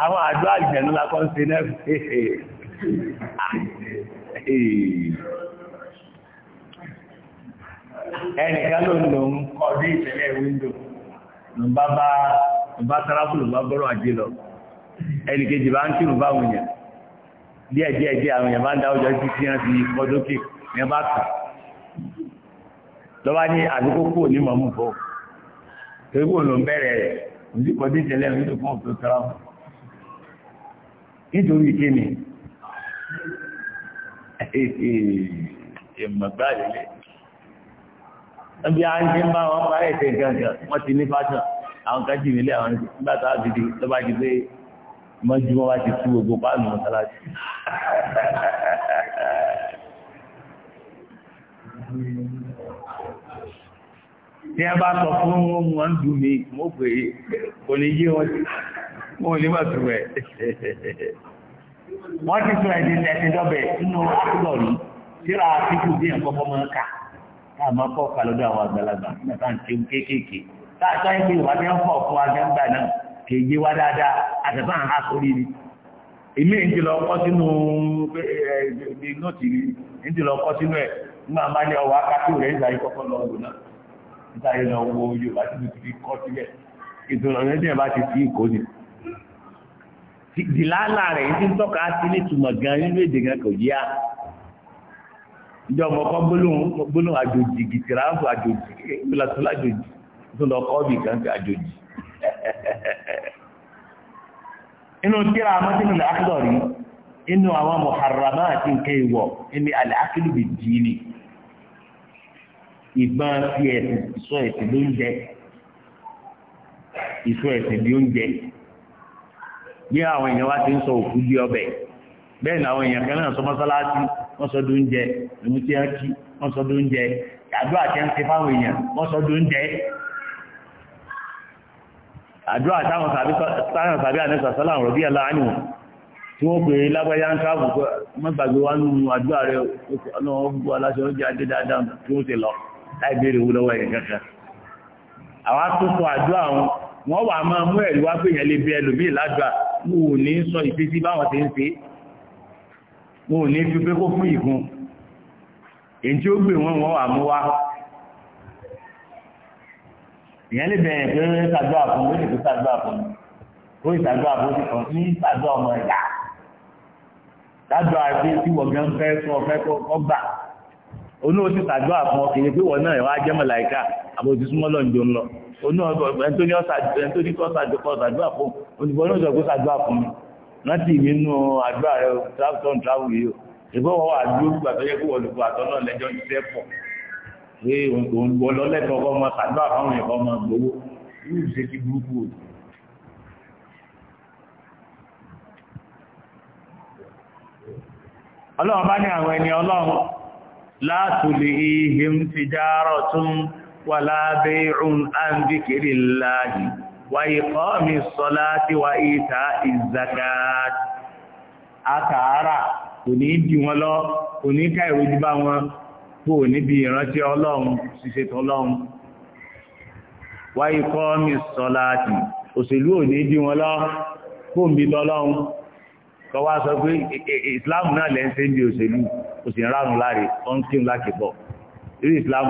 àwọn àjọ àdìjẹ̀nú lakọ́ ń ṣe ẹnìkan ló ń lò ń kọ́ sí ìtẹ́lẹ̀ wíńdò ló ń bá bá ló ń bá sáráfù ló ń bá bọ́rọ̀ àjẹ lọ ẹnìkejì bá ń kírun báwọn èèyàn díẹ̀ díẹ̀ díẹ̀ àwọn èèyàn bá ń dá ọjọ́ sí sí rántí ọdókè ní bá kù lọ́wọ́ ní àdúgbò kò ẹbí a ń ṣe ń bá wọn parí ẹ̀ṣẹ̀ nǹkan kan wọ́n ti ní fásán àwọn kan jì nílé àwọn nígbà tá a ti di tó bá ti pé mọ́jú wọn bá ti tú gbogbo páànù mọ́sálásí. tí a bá sọ fún wọn wọn ń dùn mí mo pè é kò ní yé wọn wọn ò ní bàtú rẹ̀ wọ́n ti sọ ẹ̀dín ẹ̀sìn dọ́bẹ̀ nínú àtúbọ̀ yìí síra àtìkù bí ẹ̀kọ́ fọmọ ká. àmọ́ fọ́ọ̀kà lọ́dọ̀ àwọn àgbàlagbà ní ọ̀pọ̀ agbẹ́gbà náà yé wá dáadáa àtẹ̀fà ń sórí ni èmi ń ti lọ kọ́ sínú nóòtì ni ń ti lọ kọ́ sínú ẹ̀ nígbà máa ní ọwọ́ akápẹ́ rẹ̀ nígbà yìí lọ wò náà nígbà yìí lọ wo Yorùbá tí mo ti fi kọ́ sílẹ̀ ẹ bá ti fi ìkó ìjọ ọmọ kan gbólóhùn àjòjì gìtìráàbù àjòjì ìlàtúlà àjòjì tó lọ kọ́ bí kan fi àjòjì inú tíra amátínú làákìlọ̀ rí inú àwọn mọ̀hàrámá àti nǹkan ìwọ̀ ẹni àlàákìlù bì jì ní ìbọn fi ẹ̀sìn ìsọ ẹ̀sìn ló ń jẹ ìsọ ẹ̀sìn ló ń jẹ bí àwọn èèyàn wá ti ń sọ òkú bí ọbẹ̀ bẹ́ẹ̀ ni àwọn èèyàn kan náà sọ mọ́sálásí wọ́n sọ dó ń jẹ ìmú tí wọ́n kí wọ́n sọ dó ń jẹ àdúrà tí wọ́n ti fáwọn èèyàn wọ́n sọ dó ń jẹ àdúrà táwọn sàbí ànẹ́sà sọ́là ọ̀rọ̀ bí ẹ̀lá ánìwọ̀n tí wọ́n pè é lágbájá ń káàbù mọ́gbàgbé wá nínú àdúrà rẹ̀ ọlọ́wọ́ gbogbo aláṣẹ oúnjẹ adé dáadáa tí wọ́n ti lọ láì béèrè owó lọ́wọ́ ẹ̀yẹ kankan àwọn àtúntò àdúrà wọn wọ́n wà máa mú ẹ̀rí wá pé yẹn lè bí ẹlòmíì ládùá wọn ò ní sọ ìfésí báwọn ti ń ṣe wọn ò ní fi pé kó fún ìkún èyí tí ó gbé wọn wọn wà mú wá ìyẹn lè bẹ̀rẹ̀ pé ṣàdúrà fún mi ó sì fi ṣàdúrà fún mi ó sì ṣàdúrà fún mi kàn ní ṣàdúrà ọmọ ìyá ṣàdúrà pé tí wọ́n gan fẹ́ fún ọ̀fẹ́ kọ́ gbà onú ó sì ṣàdúrà fún ọkùnrin pé wọ́n náà ìwà jẹ́ mọ̀láìkà àbójú súnmọ́ lọ́njọ́ ńlọ onú ọ̀gbọ̀n ẹni tó ní kọ́ ṣàdúrà fún oníbọn náà láti ìmínú àdúrà rẹ̀ travel travel yìí ìgbọ́ wọ́n wà dúró gbà lẹ́jọ́ iṣẹ́ pọ̀ pé òun ọkọ̀ ọmọ àdúrà fáwọn ẹ̀kọ́ ọmọ gbowó yóò ṣe kí burúkú o. ọlọ́run bá ní àwọn ẹni ọlọ́run látùlé ihim ti dárọ̀ tún wà lábẹ́ ìrùn àǹdíkèrè láàyè wa iqami ssalati wa ita'iz zakat àtàárà kò ní dí wọn lọ kò ní ká ìrójú bá wọn kò níbi ìrántí ọlọ́run ṣiṣẹ́ tọlọ́run wa iqami ssalati òṣèlú ò ní dí wọn lọ kò ń bí kọ wá sọ pé e, e, e, islam náà lẹ́ ń ṣe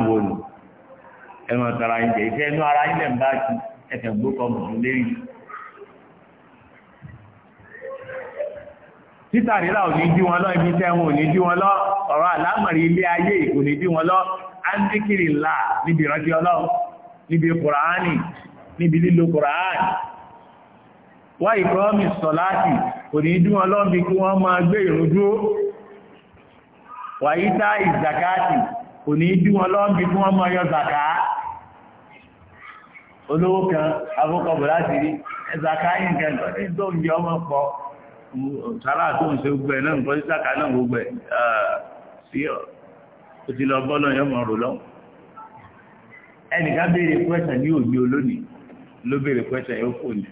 wo nù ẹ̀rọ tara ìjẹ́ ìfẹ́ inú ara ilẹ̀ ń bá kí ẹ̀kẹ́ gbókọ̀ mọ̀ọ́ lérí. títà rírà ò ní dí wọn lọ ibi tẹ́wọn ò ní dí wọn lọ ọ̀rọ̀ àlámọ̀rí ilé ayé kò ní dí wọn lọ ándíkìrì ńlá níbi ìrántí ọlọ́run níbi kùràánì níbi lílo kùràánì wá ìkọ́mì sọ̀láàtì kò ní dí wọn lọ́bi kí wọ́n máa gbé ìrun dúró wàyíta ìzàkáàtì kò ní dí wọn lọ́bi kí wọ́n máa yọ zàkáà olówó kan afọ́kọ̀bọ̀ láti rí ẹ̀sàká yìí kan tó ní tó ń jẹ ọmọ pọ̀ sàrà tó ń ṣe gbogbo ẹ̀ náà nǹkan sí sàkà náà gbogbo ẹ̀ sí ọ ó ti lọ bọ́ náà yọmọ rò lọ́wọ́ ẹnìkan béèrè pẹ́sẹ̀ ní òní olónìí ló béèrè pẹ́sẹ̀ yóò fò ní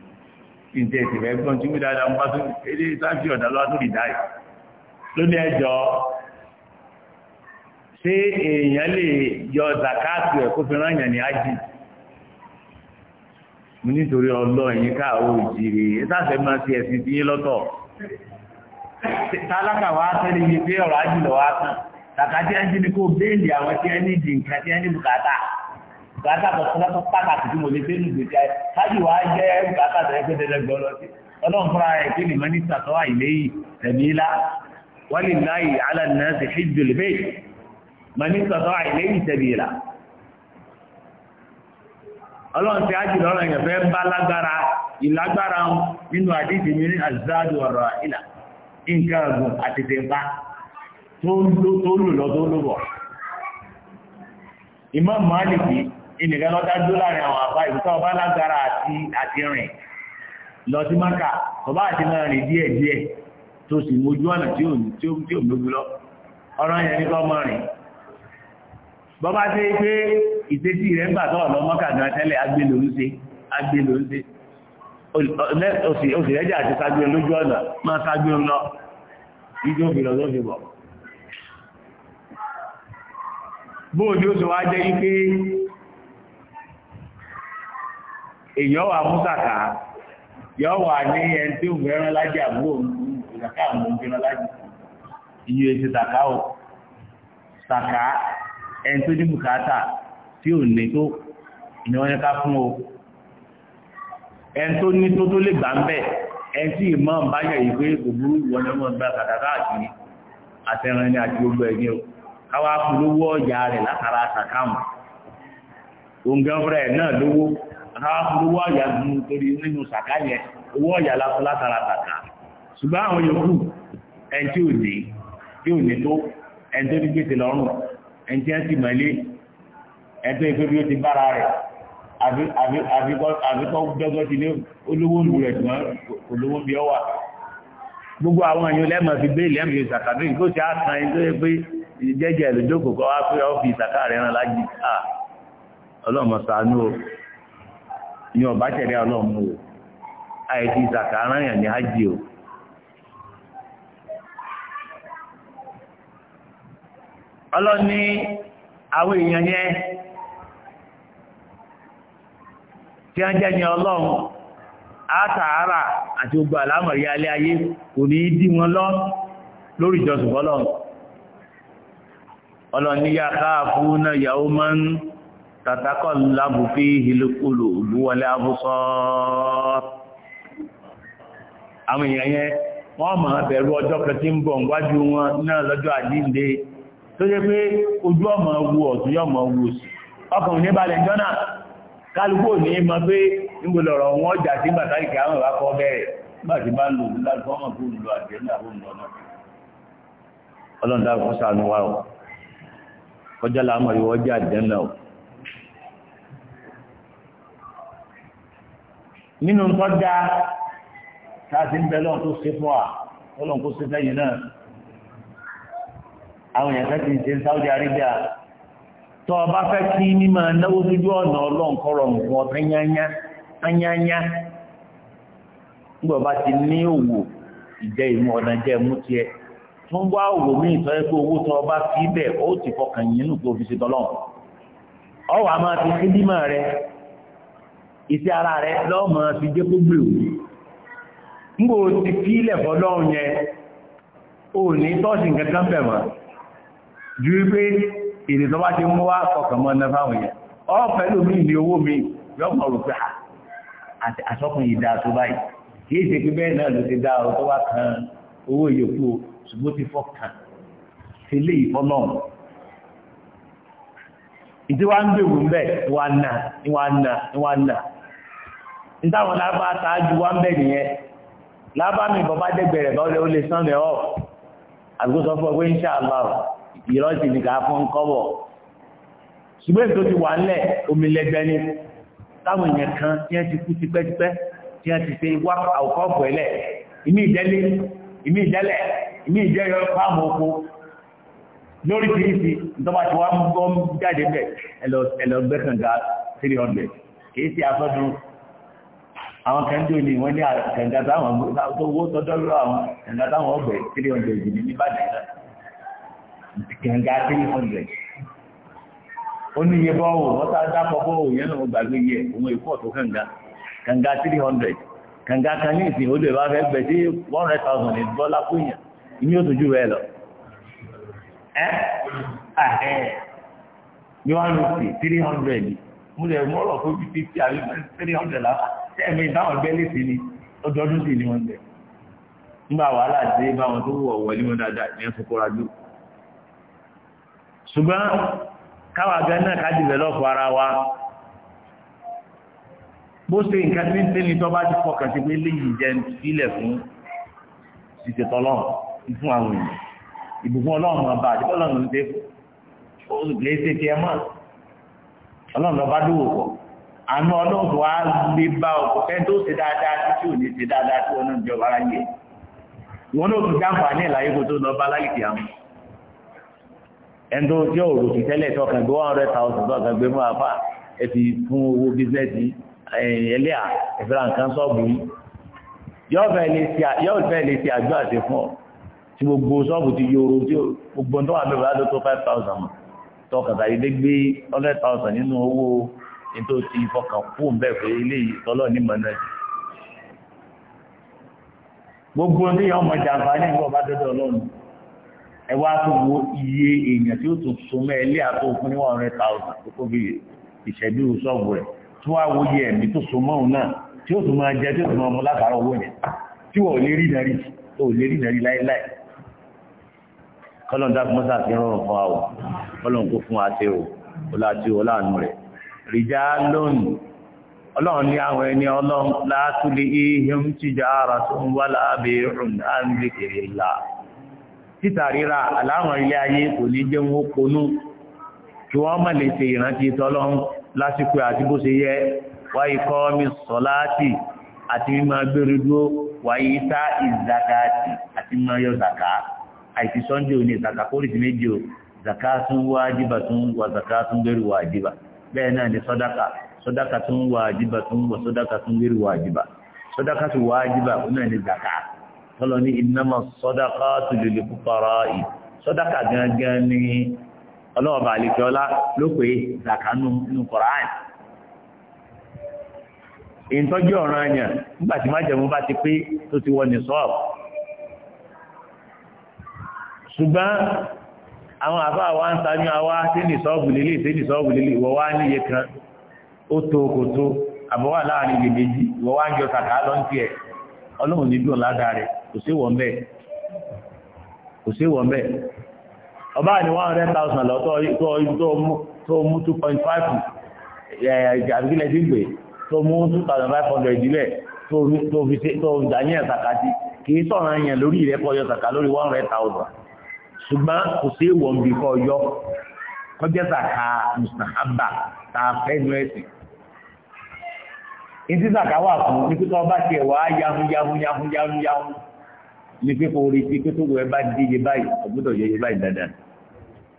ìjẹ́ ìtìfẹ́ gbọ́n tí wí dáadáa ń bá tó èdè sáfì ọ̀dà lọ́wọ́ tó rí dáì lóní ẹjọ́ ṣé èèyàn lè yọ mo nítorí ọlọ́ ẹ̀yìn káàwó ìjìrè sáfẹ́ máa ti ẹ̀sìn tí yín lọ́tọ̀ tálákà wá tẹ́lẹ̀ yìí pé ọ̀rọ̀ ajílọ̀ wá tán kàkà tí ẹni ní kó béèlì àwọn tí ẹni dì nǹkan tí ẹni bùkátà bùkátà tó sọ́lọ́tọ̀ pàtàkì tí mo lè fẹ́ nù gbèsè ayé kájú wá jẹ́ bùkátà tó yẹ pé dẹ́dẹ́ ni mínísítà tó wà ìléyìí tẹ̀mílá wálé láyé alánàá ti fi ọlọ́run ti ájì lọ́rọ̀ èèyàn fẹ́ bá lágbára ìlágbára wọn nínú àdíjì ní àzádù ọ̀rọ̀ ìlà nǹkan ọ̀gùn àti tẹ̀m̀pá tó lò lọ tó lò bọ̀. ìmọ̀ mọ́lìkì ìnìkan lọ́dá dó láàrin àwọn àbá ọba lágbára àti rìn lọ sí máka ọba àti máa rìn díẹ̀ díẹ̀ tó sì mójú bọ́bá ṣe pé ìtẹ́sí rẹ̀ ń bàtọ́ ọ̀lọ́mọ́kàdùn àtẹ́lẹ̀ agbélórúṣe agbélórúṣe òsì rẹ́jà àti ságbé lójú ọ̀nà máa ságbé ń lọ ìjọ òfìlọ tó fi bọ̀. bóòdì ó sì wá jẹ́ wípé èyàn wà mú sàkà yọ wà ní ẹni tí òun fẹ́ràn lájà àbúrò ìsàkà àwọn òun fẹ́ràn lájà ìyẹn ti sàkà ò sàkà ẹni tó ní bùkátà tí ò ní tó ni wọ́n yẹn ká fún o ẹni tó ní tó tó lè gbà ń bẹ̀ ẹni tí ìmọ̀ ń bá yẹ yìí pé gbogbo wọn ni wọ́n gba kàkàkà àti àtẹran ni àti gbogbo ẹ̀ ní o káwá fún lówó ọ̀yà rẹ̀ látara àtàkàmù òǹgẹ́fẹ́rẹ́ náà lówó káwá fún lówó ọ̀yà ò ní tó ẹni tó ní gbèsè lọ́rùn ẹni tí wọ́n ti mọ̀lé ẹgbẹ́ ìfẹ́ bí ó ti bára rẹ̀ àfikọ́ dọ́gbọ́n ti ní olówó olù rẹ̀ tí wọ́n olówó bí ọ wà gbogbo àwọn èèyàn lẹ́mọ̀ fi gbé ilẹ̀ ìrìn ìsàkàdé kó ti á kan ẹni tó yẹ pé jẹ́jẹ́ ìlújókòó kọ́ wá pé ọ fi ìsàkà rẹ̀ rán lájì à ọlọ́mọ ṣàánú o ní ọ̀bá tẹ̀lé ọlọ́mọ o àìsí ìsàkà rán yàn ní ájì o ọlọ́ni àwọn èèyàn yẹn tí wọ́n jẹ́ ní ọlọ́run àtàárà àti ogbà àlámọ̀rí alẹ́ ayé kò ní dí wọn lọ lórí ìjọsìn ọlọ́run ọlọ́ni yá káàfú náà yàwó máa ń tàtàkọ́ abúsọ́ àwọn èèyàn wọ́n bẹ̀rù ọjọ́ ń bọ̀ níwájú wọn tó yẹ pé ojú ọmọ wu ọ̀tún yọ ọmọ wu òsì ọkùnrin ní balẹ̀ jọ́nà kálukú ní mọ pé níbo lọ̀rọ̀ wọn jà sí bàtà ìkẹ́ àwọn ìwà kọ́ bẹ̀rẹ̀ nígbà tí bá lò ní láti fọ́mọ̀ kó lò àti ẹ̀mí nínú tọ́jà tá a ti ń bẹ lọ́run tó ṣe fún wa ọlọ́run kó ṣe fẹ́yìn náà àwọn èèyàn fẹ́ ti ṣe Saudi tó o bá fẹ́ kí mímọ náwó lójú ọ̀nà ọlọ́nkọ́rọ̀ nǹkan ọ̀tán yányá ti ní òwò ìmú ọ̀nà jẹ́ mú tún òwò o bá fi bẹ̀ ó ti fọkàn yín nù tó fi rẹ iṣẹ́ ara rẹ fi jẹ́ gbogbo nígbà o ti fi ilẹ̀ yẹn o nǹkan kan bẹ̀ ju wípé èdè tó bá ti mú wá kọkàn mọ́ ọ pẹ̀lú mi ní owó mi yọ̀ọ̀mọ̀ rò pé àsọkùn yìí dáa tó báyìí kì í ṣe pé bẹ́ẹ̀ náà ló ti dá ọ tó kan owó ìyókù o ṣùgbọ́n ti fọ́ kàn sí ìfọ́ náà ìdí wa ń bèrò ń bẹ̀ nà nà nà nítawọn lábá wa ń ìrọ́sì ní ká fún kọ́bọ̀ ṣùgbọ́n tó ti wà nílẹ̀ omi lẹ́gbẹ́ ní táwọn èèyàn kan tí wọ́n ti kú tipẹ́tipẹ́ tí wọ́n ti ṣe wá àwòkọ́ọ̀pọ̀ ẹ̀lẹ̀ ìmí ìdẹ́lé ìmí ìdẹ́lẹ̀ ìmí ìjẹ́yọ fáàmù oko lórí tìrìsì ìjọba tí wọ́n gbọ́ jáde bẹ̀ ẹlọgbẹ́kànga 300 kìí sí afọ́dún àwọn kẹ́ndò ní wọ́n ní kẹ̀ǹgà táwọn tó wó tọ́jọ́ lọ́wọ́ àwọn kẹ̀ǹgà táwọn ọgbẹ̀ 300 ní Ìbàdàn náà gàǹgà three hundred ó ní iye bọ́ọ̀wù wọ́n sá dápọ̀ bọ́ọ̀wù yẹn náà gbàgbé yẹ òun èkó ọ̀tọ̀ kàǹgà kàǹgà three hundred kàǹgà kan ní ìsìn olè bá fẹ́ gbẹ̀ sí one hundred thousand ní dọ́là kúnyà ìní ó tójú rẹ lọ ẹ́ ẹ̀ ní one fifty three hundred mo lè mú ọ̀rọ̀ fún fifty àbí three hundred lára ẹ̀mí ìbáwọn gbẹ́lẹ̀ sí ni ọdọọdún sì ni wọ́n gbẹ̀ nígbà wàhálà dé báwọn tó wọ̀ wọlé wọn dáadáa ìyẹn fún kọ́ra dúró ṣùgbọ́n káwà gan náà ká dìvẹ́lọ́pù ara wa bó ṣe nǹkan tí ń tẹ́ni tó bá ti fọkàn sí pé léyìí jẹ́ sílẹ̀ fún ìṣètò ọlọ́run ìfún àwọn èèyàn ìbùkún ọlọ́run máa bá àdìpọ̀ ọlọ́run ṣe ó lè ṣe tiẹ̀ mọ́ ọlọ́run lọ́ba dúró pọ̀ àánú ọlọ́run wa lè bá ọkọ̀ fẹ́ tó ṣe dáadáa tí tí ò ní ṣe dáadáa tí wọn náà jọba aráyé ìwọ náà tún jáǹfààní ẹ̀ láyé kó tó lọ bá láyé kìí àwọn ẹ̀ńdó tí ò rò sí tẹ́lẹ̀ tó kàn gbé one hundred thousand tó kàn gbé mú apá ẹ fi fún owó bísíǹsì ẹlẹ́à ìfira nǹkan sọ́ọ̀bù yìí yóò fẹ́ lè ṣe àjọ àti fún ọ tí gbogbo sọ́ọ̀bù ti yòrò tí gbogbo tó wà bẹ̀rẹ̀ ládó tó five thousand tó kàn tàbí dé gbé hundred thousand nínú owó ètò ti fọkàn fún bẹ́ẹ̀ pé ilé ìtọ́lọ̀ ní mọ̀nà gbogbo ní ọmọ jàǹfà ní ìgbọ̀ bá dọ́dọ̀ ọlọ́run ẹ wá tó wo iye èèyàn tí ó tún súnmọ́ ẹlẹ́ àtó fún ní one hundred thousand tó kó bí ìṣẹ́jú sọ́ọ̀bù rẹ̀ tí wàá wo iye ẹ̀mí tó súnmọ́ òun náà tí ó tún máa jẹ tí ó tún máa mú látara owó yẹn tí wọ́n ò lè rí nàrí tó ò lè rí nàrí láéláé kọ́lọ́n dákun mọ́sá ti rọrùn fún wa kọ́lọ́n kó fún wa ṣe o ọláàánú rẹ̀ rìjà lónìí ọlọ́run ní àwọn ẹni ọlọ́run látúlé ihim tìjà ara tó ń wá láàbẹ̀ rùn ń lè kéré láà títà ríra aláwọn ilé ayé kò ní jẹ́ wọn ponú kí wọ́n má lè ṣe ìrántí tọ́lọ́run lásìkò àti bó ṣe yẹ wá ikọ́ mi sọ́láàtì àti mímọ agbèrè dúró wáyé tá ìzàkàtì àti mímọ yọ zàká àìsí sunday òní zàká kórìsì méjì o zàká tún wájibà tún wà zàká tún gẹ́rù wájibà bẹ́ẹ̀ náà ni sọ́dáka sọ́dáka tún wájibà tún wà sọ́dáka tún gẹ́rù wájibà sọ́dáka tún wájibà ó náà ni zàká tọ́lọ ní ìnáma sọ́dáká tó lè lè fúkọrọ ì sọ́dáká gangan ní ọlọ́ọ̀bà àlejòọ́lá ló pé zakanu nínú Qur'an ìtọ́jú ọ̀ràn àyàn nígbà tí májẹ̀mú bá ti pé tó ti wọ ní sọ́ọ̀bù ṣùgbọ́n àwọn àbá wa ń ta ní àwa sí ní sọ́ọ̀bù lílé sí ní sọ́ọ̀bù lílé ìwọ wá níye kan ó tó kò tó àbọ̀wà láàrin ìgbèjì ìwọ wá ń jọ kàkà lọ́ntì ọlọ́run ní dùn ládàá rẹ̀ kò sí wọ́n bẹ́ẹ̀ kò sí wọ́n bẹ́ẹ̀ ọba ní one hundred thousand lọ tó mú two point five àbíkílẹ̀ tí ń pè tó mú two thousand five hundred ìdílẹ̀ tó fi dàníyàn sàkàtì kì í sọ̀rọ̀ yẹn lórí ìrẹ́pọ̀ ọyọ sàkà lórí one hundred thousand ṣùgbọ́n kò sí wọ́n bí kọ́ ọyọ kọjá sàkà mùsàlábà tá a fẹ́ nu ẹ̀sìn ìdí sàkà wà fún ní pípa ọba tiẹ̀ wá yahun yahun yahun yahun yahun ní pé kò rí i pé tó wẹ́ bá dé iye báyìí ọ̀gbọ́dọ̀ yẹ iye báyìí dáadáa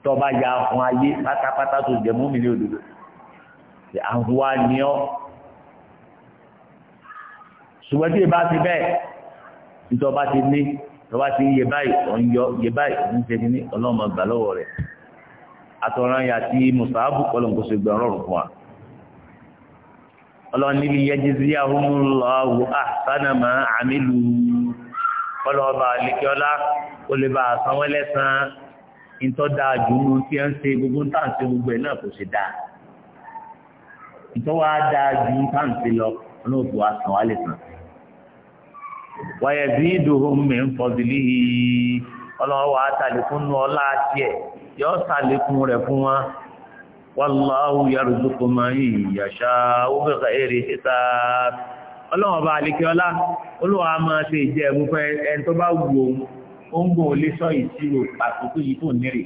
tó bá ya fún ayé pátápátá tó jẹ mú mi ní òdodo àwọn wa ni ọ́ ṣùgbọ́n tí ìbá ti bẹ́ẹ̀ nítorí ọba ti ní ọba ti yẹ báyìí ọ̀n yọ yẹ báyìí ọ̀n ṣe ní ọlọ́mọ gbà lọ́wọ́ rẹ̀ àtọ̀ràn yà ti mùsàábù kọlọ̀ǹkó ṣe gbà rọrùn fún wa ọlọ́ni lè yẹ jíjí àwọn ọlọ́wọ́ àtànàmọ́ kọlọ́ọ̀bà àlekíọ́lá kó lè bá àsanwó lẹ́sàn-án ìtọ́da àjùmọ̀ tí ẹ ń ṣe gbogbo táǹtì gbogbo ẹ̀ náà kò ṣe dáa ìtọ́wá dáa ju táǹtì lọ olóòtú wa sàn wá lè sàn. wàyẹ̀ bí ìdòhùn mi ń fọdìlì ọlọ́wọ́ wa nù ọlá tiẹ̀ yọ tàlékún rẹ̀ fún wa wàlláhu yarzuqu man yasha ó bẹ̀rẹ̀ èrè ọlọ́wọ́n bá àlékẹ́ ọlá olúwa máa ṣe ìjẹ́ ẹ̀mú fẹ́ ẹni tó bá wù òun ó ń gbọ́ olé sọ ìṣirò àkókò yìí tó nírè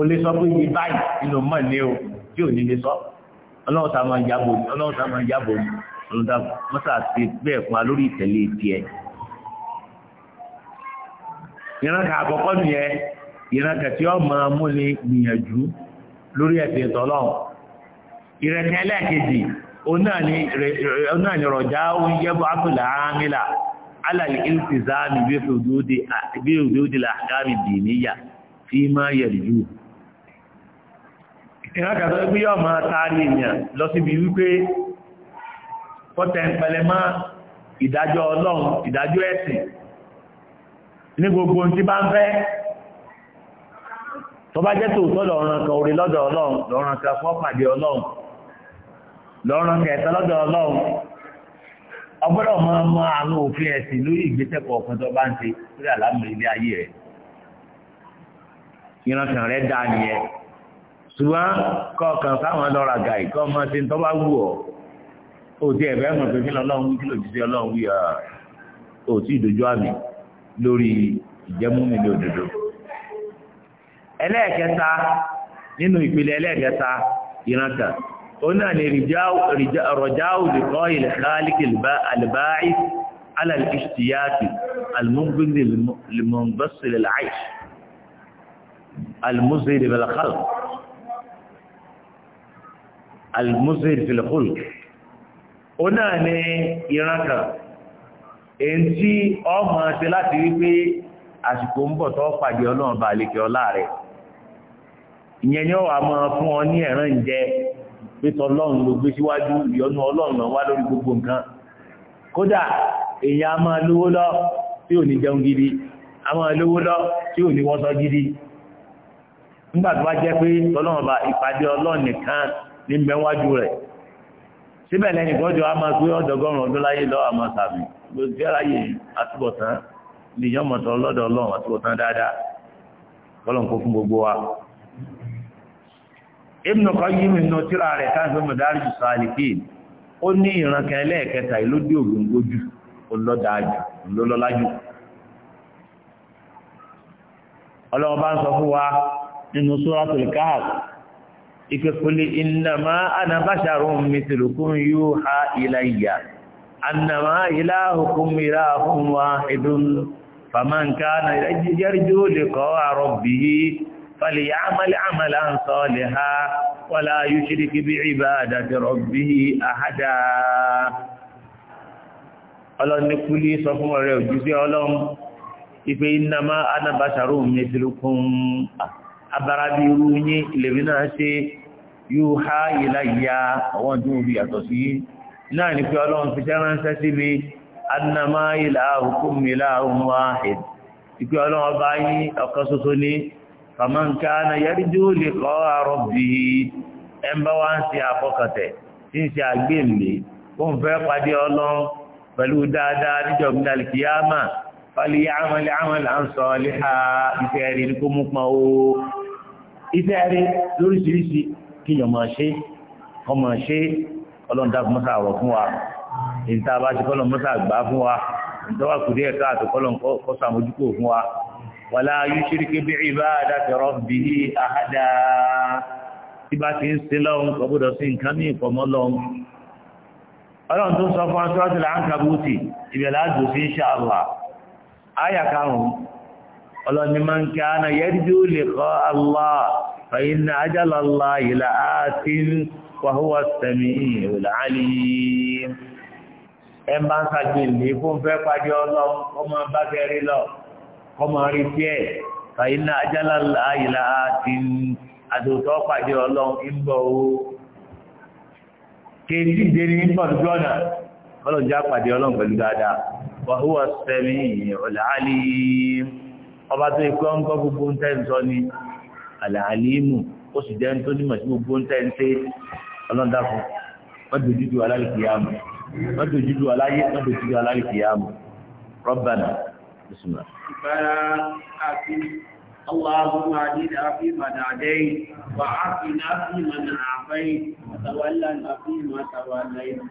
olé sọ pé yìí báyìí nínú mọ̀ ní o tí ò ní lè sọ ọlọ́wọ́n tá máa yàbò ní ọlọ́wọ́n tá máa yàbò ní ọlọ́dà mọ́tà ti bẹ́ẹ̀ pa lórí ìtẹ̀lé tiẹ̀. ìrànkà àkọ́kọ́ nìyẹn ìrànkà tí ó máa múni gbìyànjú lórí ẹ̀sìn ìtọ́lọ́run náà ni rọ̀já òun yẹ́bọ̀ ápùlà ámìlà alàlì ìltìzámi bí òdòdì làkámi dì níyà tí máa yẹ̀rìjú ìrákàtọ́ ẹgbẹ́ yọ́ máa taari èèyàn lọ síbi wípé pọ́tẹ̀ǹpẹ̀lẹ̀ máa ìdájọ́ ọlọ́run ìdájọ́ ẹ̀sìn ní gbogbo tí bá ń fẹ́ kan orí lọ́dọ̀ ọlọ́run lọ́rùn kan fọ́pàdé ọlọ́run lọ́rùn kẹta lọ́dọ̀ ọlọ́run ọgbọ́dọ̀ mọ ọmọ àwọn òfin ẹ̀sìn lórí ìgbésẹ̀ kọ̀ọ̀kan tó bá ń ṣe lórí àlámù ilé ayé rẹ̀ ìrànkàn rẹ̀ dáa nìyẹn ṣùgbọ́n kọ̀ọ̀kan sáwọn lọ́ra gàì kọ́ ọmọ ṣe ń tọ́ bá wù ọ́ òtí ẹ̀fẹ́ mọ̀ pé kí lọ́lọ́run wí kí lòdì sí ọlọ́run wí òtí ìdójú àmì lórí ìjẹ́múmi ní òdodo ẹlẹ́ẹ̀kẹta nínú ìpele ẹlẹ́ẹ̀kẹta ìrànkàn òun náà ni rọ̀jáù lìkọ́ ilẹ̀ káàlìkì albáì alàlìkìṣìyàtì almúgbìndì lìmọ̀bọ́sílẹ̀ láìṣ almúzèrè bẹ̀lẹ̀kàl almúzèrè fìlẹ̀kùl òun náà ni ìrànkà èyí tí ọmọ ṣe láti rí pé àsìkò ń bọ̀ tó pàdé ọlọ́run bá lè kẹ́ ọ láàrẹ̀ ìyẹn ni wà máa fún ọ ní ẹ̀ràn jẹ́ pétọ ọlọ́run ló gbé síwájú ìyọnu ọlọ́run lọ wá lórí gbogbo nǹkan kódà èèyàn a máa lówó lọ tí ò ní jẹun gidi a máa lówó lọ tí ò ní wọṣọ gidi nígbà tó bá jẹ́ pé tọ́lọ́run bá ìpàdé ọlọ́run nìkan ní mbẹ́wájú rẹ̀ síbẹ̀ lẹ́yìn gbọ́dọ̀ a máa gbé ọ̀dọ́gọ́rùn ọdún láyé lọ́wọ́ àmọ́ sàmì gbogbo ayé àtúbọ̀tán Ibn Qayyim inú tíra rẹ̀ káàkiri Madarij Salikin ó ní ìrànkẹ́ ẹlẹ́ẹ̀kẹta ìlú dé ògbóngójú olódájú olólọ́lájú ọlọ́wọ́ bá ń sọ fún wa nínú Suratul Kahf ìkẹkùlé innama ana basharun mithlukum yuha ilayya annama ilahukum ilahun wahidun faman kana yarju liqa'a rabbih fàlì àmàlì àmàlà ń sọ lè ha wàlá yóò ṣírí kí bí ìbá àdàtì rọ̀bí àhádà ọlọ́ni kúlí sọ fún ọ̀rẹ́ òjúṣẹ́ ọlọ́run ìpé iná má anábàṣàrò mẹ́tìlúkún abárábí irú yí ilẹ̀rí náà ṣe yóò há ìlàyà àwọn tó ń fi yàtọ̀ sí náà ni pé ọlọ́run fi ṣẹ́ ránṣẹ́ síbi anámáyìlá òkú mi láàrún wáhìd ìpé ọlọ́run ọba yín ọ̀kan ṣoṣo ní faman kana yarju liqa'a rabbih ẹ̀ ń bá wá ń ṣe àfọkàtẹ̀ tí ń ṣe àgbéǹde ó ń fẹ́ pàdé ọlọ́run pẹ̀lú dáadáa níjọ́ gbìdàlì kìyàmà fali amali amalan saliha iṣẹ́ rí ní kó mú pọn o iṣẹ́ rí lóríṣiríṣi kí yọ̀ máa ṣe kọ́ máa ṣe ọlọ́run dákun mọ́sà rọ̀ wàlá yushrik bí ibadati rabbihi ahada tí bá ti ń sin lọ́hùn kò gbọ́dọ̀ sí nǹkan ní ìpọ̀mọ́ lọ́hùn ọlọ́run tó sọ fún aṣọ́tì láńkàbútì ìbẹ̀lẹ̀ àjò sí insha Allah ayà karùn-ún ọlọ́ni máa ń kí ana yarju liqa Allah fa ọmọ bá kẹrí lọ́wọ́ kọ́mọ rí tiẹ̀ fàyínà ajálà ayìlá ti ń àtòtọ́ pàdé ọlọ́run ń bọ̀ o kéèdì ìdérí ń bọ̀ lójú ọ̀nà ọlọ́run já pàdé ọlọ́run pẹ̀lú dáadáa wa huwa as-sami'ul ọba tó ikú ọ̀nkọ́ gbogbo ń tẹ́ ń ni al-'alimu ó sì jẹ́ ń tó nímọ̀ sí gbogbo ń tẹ́ ń tẹ́ ọlọ́dàkùn wọ́n dojú du aláìkìyàmù wọ́n dojú du بسم الله اللهم اهدنا فيمن هديت وعافنا فيمن عافيت وتولنا فيما توليت